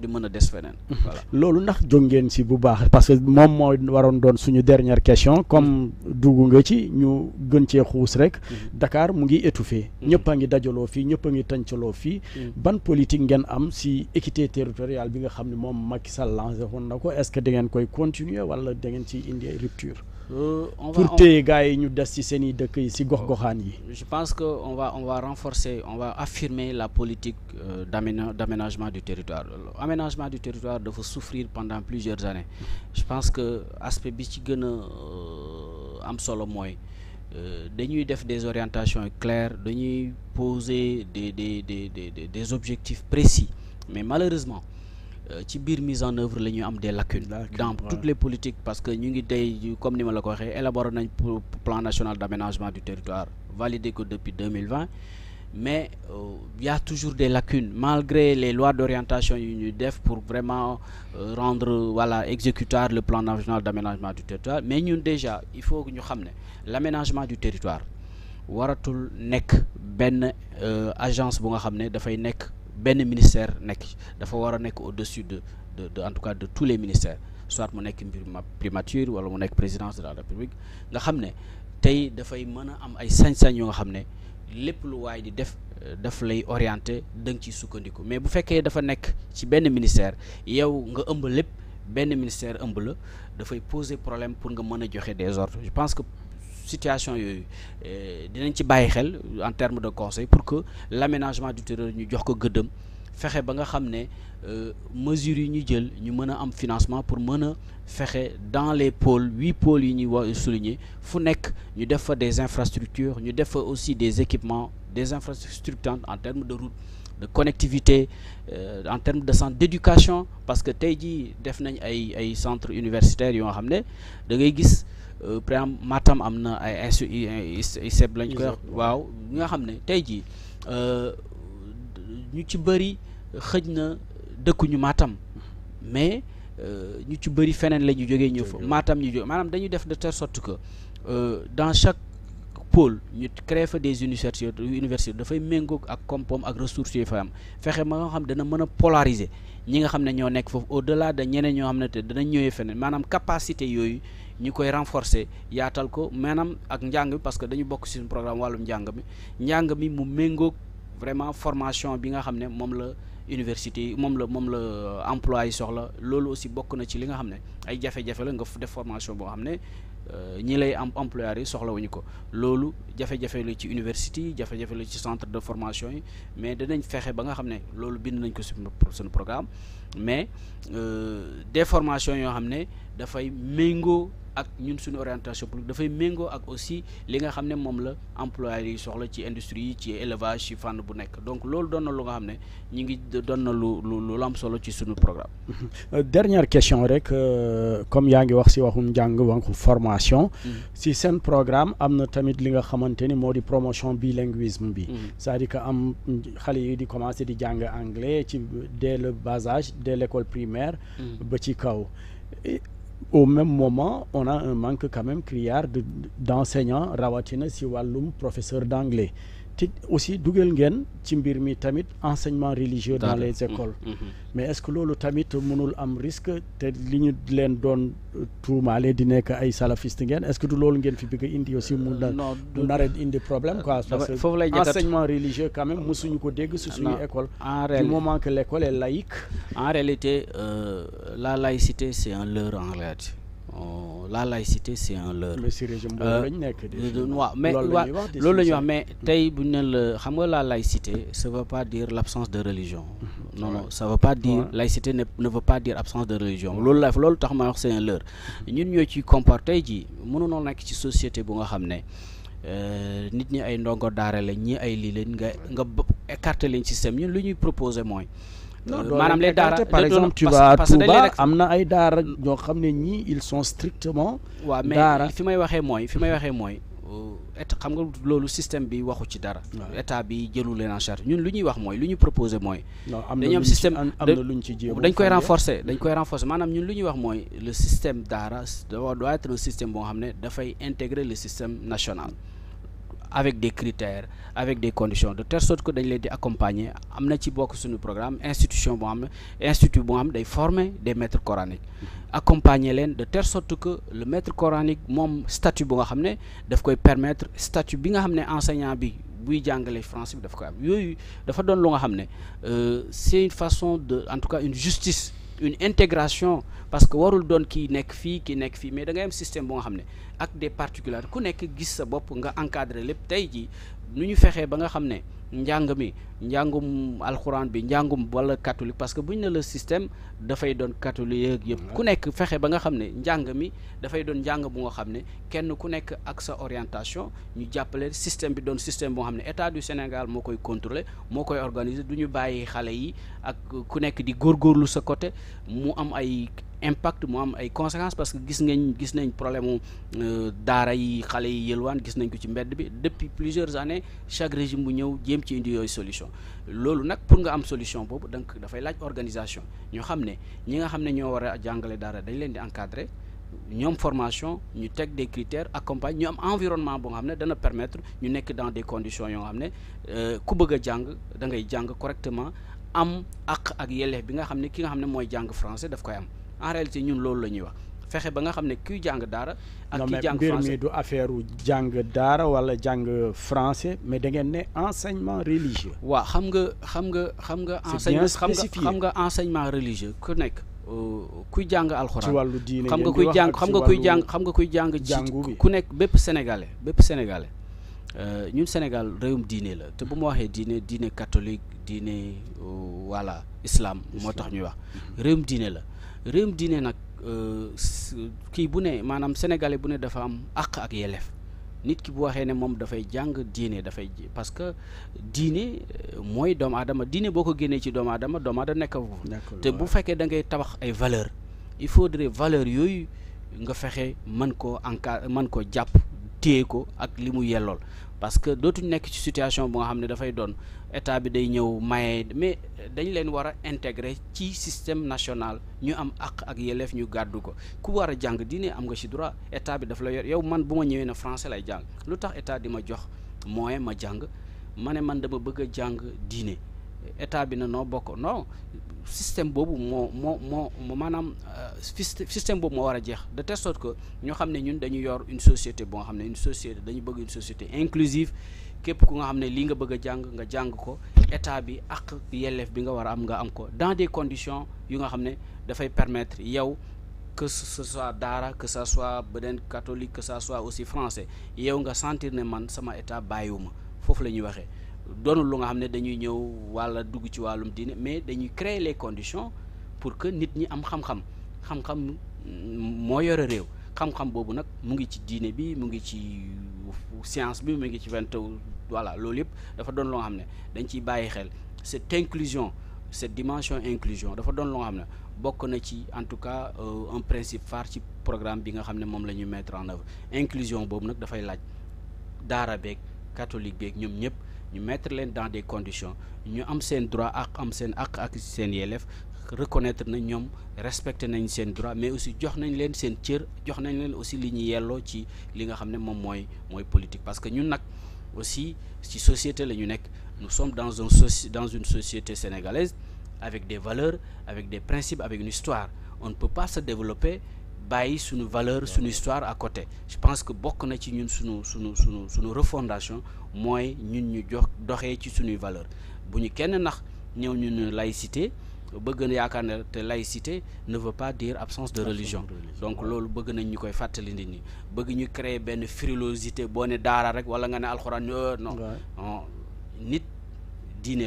di mëna dess des mhm. voilà lolu nak jóg ngeen si bu baax parce que mom mo waron doon suñu dernière question comme mhm. dugg nga ci ñu gën ci xous rek mhm. Dakar mu ngi étouffé ñepp nga ngi dajaloo fii ñëpp a ngi tàncaloo fii ban politique ngeen am si équité territoriale bi nga xamné mom Macky Sall est-ce que continuer wala rupture je pense qu'on va on va renforcer on va affirmer la politique euh, d'aménagement du territoire L'aménagement du territoire doit souffrir pendant plusieurs années je pense que aspect bi ci le euh, am solo euh, des orientations claires dañuy poser des des des des des objectifs précis mais malheureusement euh, ci mise en œuvre la ñuy des lacunes dans toutes les politiques parce que ñu ngi comme la ko élaboré nañ plan national d'aménagement du territoire validé depuis 2020 mais il euh, y a toujours des lacunes malgré les lois d'orientation def pour vraiment euh, rendre voilà exécutoire le plan national d'aménagement du territoire mais ñun déjà il faut que ñu l'aménagement du territoire waratul nekk benn euh, agence bu nga xam ben ministère nek dafa wara nek au-dessus de de de en tout cas de tous les ministères soit mu nek mbir primature wala mu nek présidence de la république nga xamné tay da fay mën am ay sañ-sañ yoo nga xamné lepp lu way di def euh, daf lay orienté dëng ci ciy sukkandiku mais bu fekkee dafa nekk ci benn ministère yow nga ëmb lépp benn ministère ëmb la fay poser problème pour nga mën a joxe des ordres je pense que situation eh, en termes de conseil pour que l'aménagement du territoire ñu jox ko gëddëm fexé ba nga euh, mesures yi financement pour mëna dans les pôles huit pôles yi ñuy souligner fu nek ñu def des infrastructures ñu def aussi des équipements des infrastructures en termes de route de connectivité euh, en termes de centre d'éducation parce que tay jii def nañ ay ay centres universitaires yo xamné Euh, par exemple Matam am na ay institut ISEP lañ koy wax waaw nga xam ne tey jii euh, ñu ci bëri xëj na dëkkuñu maatam mais euh, ñu ci bari feneen la ñu jógee ñëw fa maatam ñu jóge maanaam dañuy def de telle sorte que dans chaque pôle ñu créé fa des universités universités dafay méngoog ak kompoom ak ressources yi fa am fexe ma nga xam dana mën a polariser ñi nga xam ne ñoo nekk foofu au delà de ñeneen ñoo xam ne te dana ñëwee feneen maanaam capacité yooyu ñukoy renforcer yaatal ko menam ak njang bi parce que dañu bok ci sun programme walum njang mi njang mi mu mengo vraiment formation bi nga xamne mom la université mom la mom la euh, employé soxla lolu aussi bok na ci li nga xamne ay jafé jafé la nga def formation bo xamne euh, ñi lay am employeur yi soxla wuñu ko lolu jafé jafé lu ci université jafé jafé lu ci centre de formation mais dinañ fexé ba nga xamné lolu bind nañ ko sur programme mais euh, des formations yoo xam ne dafay méngoo ak ñun suñu orientation publique dafay mingo ak aussi li nga xam ne moom la employeurs yi soxla ci industrie yi ci élevage ci fànn bu nekk donc loolu doon na lu nga xam ne ñu ngi doon na lu lu lu am solo ci suñu programme. <laughs> Euh, dernière question rek euh, comme yaa ngi wax si waxum njàng waxu formation. si mm-hmm. seen programme am na tamit li nga xamante ni moo di promotion bilinguisme bi. Mm-hmm. c'est-à-dire que am xale yi di commencer di jàng anglais ci dès le bas âge de l'école primaire mhm. ba au même moment on a un manque quand même criard d'enseignants rawatina si professeur d'anglais aussi dugal ngène ci mbir mi tamit enseignement religieux dans les écoles mm-hmm. Mm-hmm. mais est-ce que lolu tamit mënul am risque te liñu leen doon euh, di nek ay salafiste est-ce que du loolu fi bëgg a indi aussi mu euh, du nar indi problème quoi enseignement religieux quand même mësuñu ko dégg su suñu école du moment que l'école est laïque en réalité euh, la laïcité c'est un leurre en réalité la laïcité c'est un leurre. mais si régime euh, mais waaw wax mais tay bu ne la xam nga la laïcité ça veut pas dire l'absence de religion. <laughs> non non ça veut pas dire laïcité ne ne veut pas dire absence de religion loolu la loolu tax ma wax c'est un leurre ñun ci ciy tay ji mënu no nek ci société bu nga xamné euh nit ñi ay ndongo daara la ñi ay lii lañ nga nga écarter leen système ñun lu ñuy proposer moy euh, manam les dara par exemple tu vas à Touba am ay dara ño xamné ñi ils sont strictement wa mais fi may waxé moy fi may waxé moy euh, état xam nga lolu système bi waxu ci dara état bi jëlu leen en charge ñun lu ñuy wax mooy lu ñu proposé mooy dañu am système dañ koy renforcer dañ mm. koy renforcer manam ñun luñuy wax moy le système dara doit être un système bo xamné da fay intégrer le système national avec des critères avec des conditions de telle sorte que dañ accompagnés, di accompagner am na ci bokk programmes, programme institution des xam des maîtres coraniques accompagner les de telle sorte que le maître coranique mon statut doit nga le daf permettre statut bi nga enseignant bi buy français bi daf koy am dafa don nga euh, c'est une façon de en tout cas une justice une intégration parce que warul don qui nek fi qui nek fi mais da nga un système qui nga xamné ak des particuliers ku nek gis sa bop nga encadrer lepp tay nous nu ñu ba nga xamné al mi n'jangum bi wala catholique parce que bu le système fay don catholique yépp ku nek fexé ba nga xamné ne njàng mi dafay doon njàng bu nga xamné kenn ku nek ak sa orientation ñu jappalé système bi système boo xam état du Sénégal mo koy contrôler mo koy organiser du bayyi xalé yi ak ku nek di gorlu sa côté mu am ay impact mu am ay conséquences parce que gis ngeen gis nañ problème euh, daara yi xale yi yëlwaan gis nañ ko ci mbedd bi depuis plusieurs années chaque régime bu ñëw jéem ci indi yooyu solution loolu nag pour nga am solution boobu donc dafay laaj organisation ñu xam ne ñi nga xam ne ñoo war a jàngale daara dañ leen di encadrer ñoom formation ñu teg des critères accompagne ñu am environnement nga xam ne dana permettre ñu nekk dans des conditions yoo xam ne euh, ku bëgg a jàng da ngay jàng correctement am ak ak yelleef bi nga xam ne ki nga xam ne mooy jàng français daf koy am en ñun loolu la ñuy wax fexe ba nga xam ne kuy jàng daara. ak kiy jàng français du affaire jàng daara wala jàng français mais da ngeen ne enseignement religieux. waa xam nga xam nga xam nga. enseignement xam nga xam nga enseignement religieux ku nekk. Euh, kuy jàng alxuraan ci wàllu diine xam nga kuy jàng xam nga kuy jàng xam nga kuy jàng. jàngu ku nekk bépp sénégalais bépp sénégalais. Euh, ñun Sénégal réewum diine la te bu ma waxee diine diine catholique diine euh, voilà islaam moo tax ñuy wax réewum diine la. réewum diine nag euh, kii bu ne maanaam sénégalais bu ne dafa am àq ak yelleef nit ki bu waxee ne moom dafay jàng diine dafay parce que diine euh, mooy doomu aadama diine boo ko génnee ci doomu aadama doomu aadama nekk te bu fekkee da ngay tabax ay valeur il faudrait valeur yooyu nga fexe mën koo encadre mën ko jàpp téye ko ak li mu yellool parce que dootuñ nekk ci situation bu nga xam ne dafay doon état bi day ñëw maye mais dañ leen war a intégrer ci système national ñu am àq ak yelef ñu gàddu ko ku war a jàng diine am nga ci droit état bi daf la yor yow man bu ma ñëwee ne français lay jàng lu tax état di ma jox moyen ma jàng ma ne man dama bëgg a jàng diine état bi na noo bokk non système boobu moo moo moo maanaam euh, système boobu moo war a jeex de telle sorte que ñoo xam ne ñun dañu yor une société boo xam ne une société dañu bëgg une société inclusive képp ku nga xam ne lii nga bëgg a jàng nga jàng ko état bi ak yelleef bi nga war a am nga am ko dans des conditions yu nga xam ne dafay permettre yow que sa soit daara que sa soit beneen catholique que ça soit aussi français yow nga sentir ne man sama état bàyyiwuma foofu la ñuy waxee doonul lu nga xam ne dañuy ñëw walla dugg ci wàllum diine mais dañuy créer les conditions pour que nit ñi am xam-xam xam-xam moo yore réew xam-xam boobu nag mu ngi ci diine bi mu ngi ci science bi mu ngi ci vingt voilà loolu yëpp dafa doon loo xam ne dañ ciy bàyyi xel cette inclusion cette dimension inclusion dafa doon loo xam ne bokk na ci en tout cas euh, un principe phare ci programme bi nga xam ne moom la ñuy mettre en œuvre inclusion boobu nag dafay laaj daara beeg catholique beeg ñoom ñëpp ñu mettre leen dans des conditions ñu am seen droit ak am seen ak ak seen yelef reconnaître nañ ñom respecté nañ sen droit mais aussi jox nañ leen sen cër jox nañ leen aussi li ñi yello ci li nga xamné mom moy moy politique parce que ñun nak aussi ci société lañu nek nous sommes dans un soci dans une société sénégalaise avec des valeurs avec des principes avec une histoire on ne peut pas se développer bàyyi suñu valeur suñu histoire à côté je pense que bok na ci ñun suñu suñu suñu suñu refondation moy ñun ñu jox doxee ci suñu valeur buñu kenn nax ñew ñu laïcité la laïcité ne veut pas dire absence de religion donc loolu bëgg nañ ñu koy fàttali nit ñi créer une frilosité une ne daara rek wala nga non nit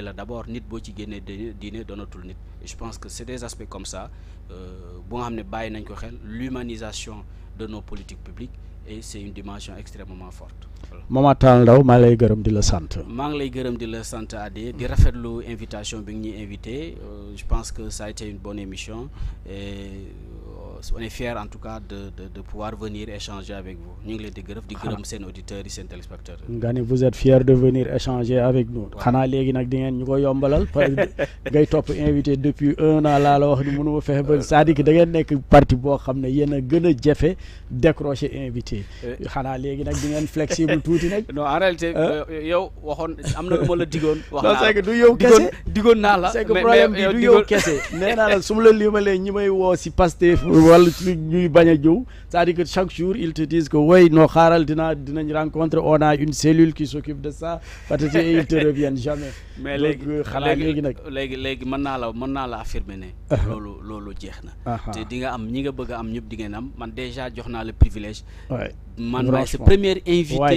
la d'abord nit bo ci dîner diine doonatul nit je pense que c'est des aspects comme ça euh, bu nga xamné bayé nañ ko xel l'humanisation de nos politiques publiques et c'est une dimension extrêmement forte. Mama Tall Ndao maa lay de di la sante maa ngi lay de di la sant Adé di rafetlu invitation bi nga ñuy invité euh, je pense que ça a été une bonne émission et on est fier en tout cas de, de, de, pouvoir venir échanger avec vous ñu ngi leen di gërëm di gërëm seen auditeurs yi seen téléspectateurs nga vous êtes fier de venir échanger avec nous xanaa légui nak di ngén ñu ko yombalal gay top invité depuis un an laa la wax ni mënuma fexe ba c'est-à-dire que da ngeen nekk parti bo xamné ne gëna a décrocher invité euh. xanaa légui nak di ngén flexible <laughs> touti nak. non en réalité euh. Euh, yow waxon amna na la digoon wax naa c'est que du yow kessé. digoon na la c'est que problème du yow kessé. <laughs> nee naa la su ma la limalee ñi may woo si Pastef c'est-à-dire que chaque jour ils te disent que oui nos dina dina rencontre on a une cellule qui s'occupe de ça parce que <laughs> ils te reviennent jamais mais les les les veux affirmer ah ah. déjà le privilège man je premier invité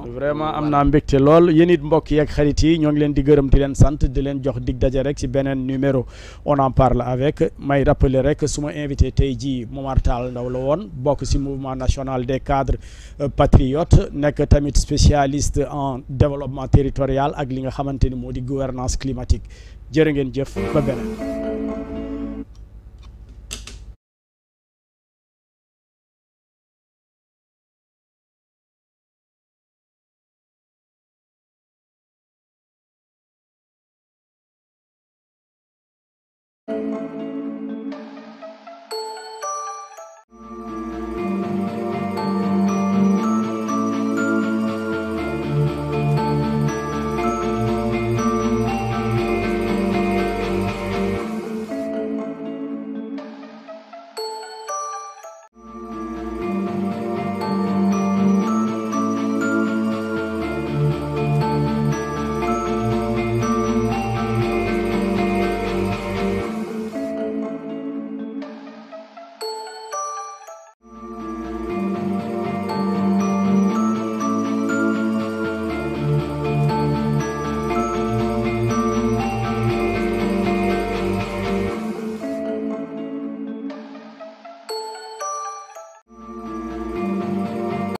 émission vraiment am naa mbégte lool yéen it mbokk yeeg xarit yi ñong leen di gërëm di leen sant di leen jox dig daje rek ci benen numéro on en parle avec may rappeler rek suma invité tay ji Momar Tall Ndaw la won bok ci mouvement national des cadres euh, patriotes nek tamit spécialiste en développement territorial ak li nga xamanteni modi gouvernance climatique jërë ngeen jëf ba beneen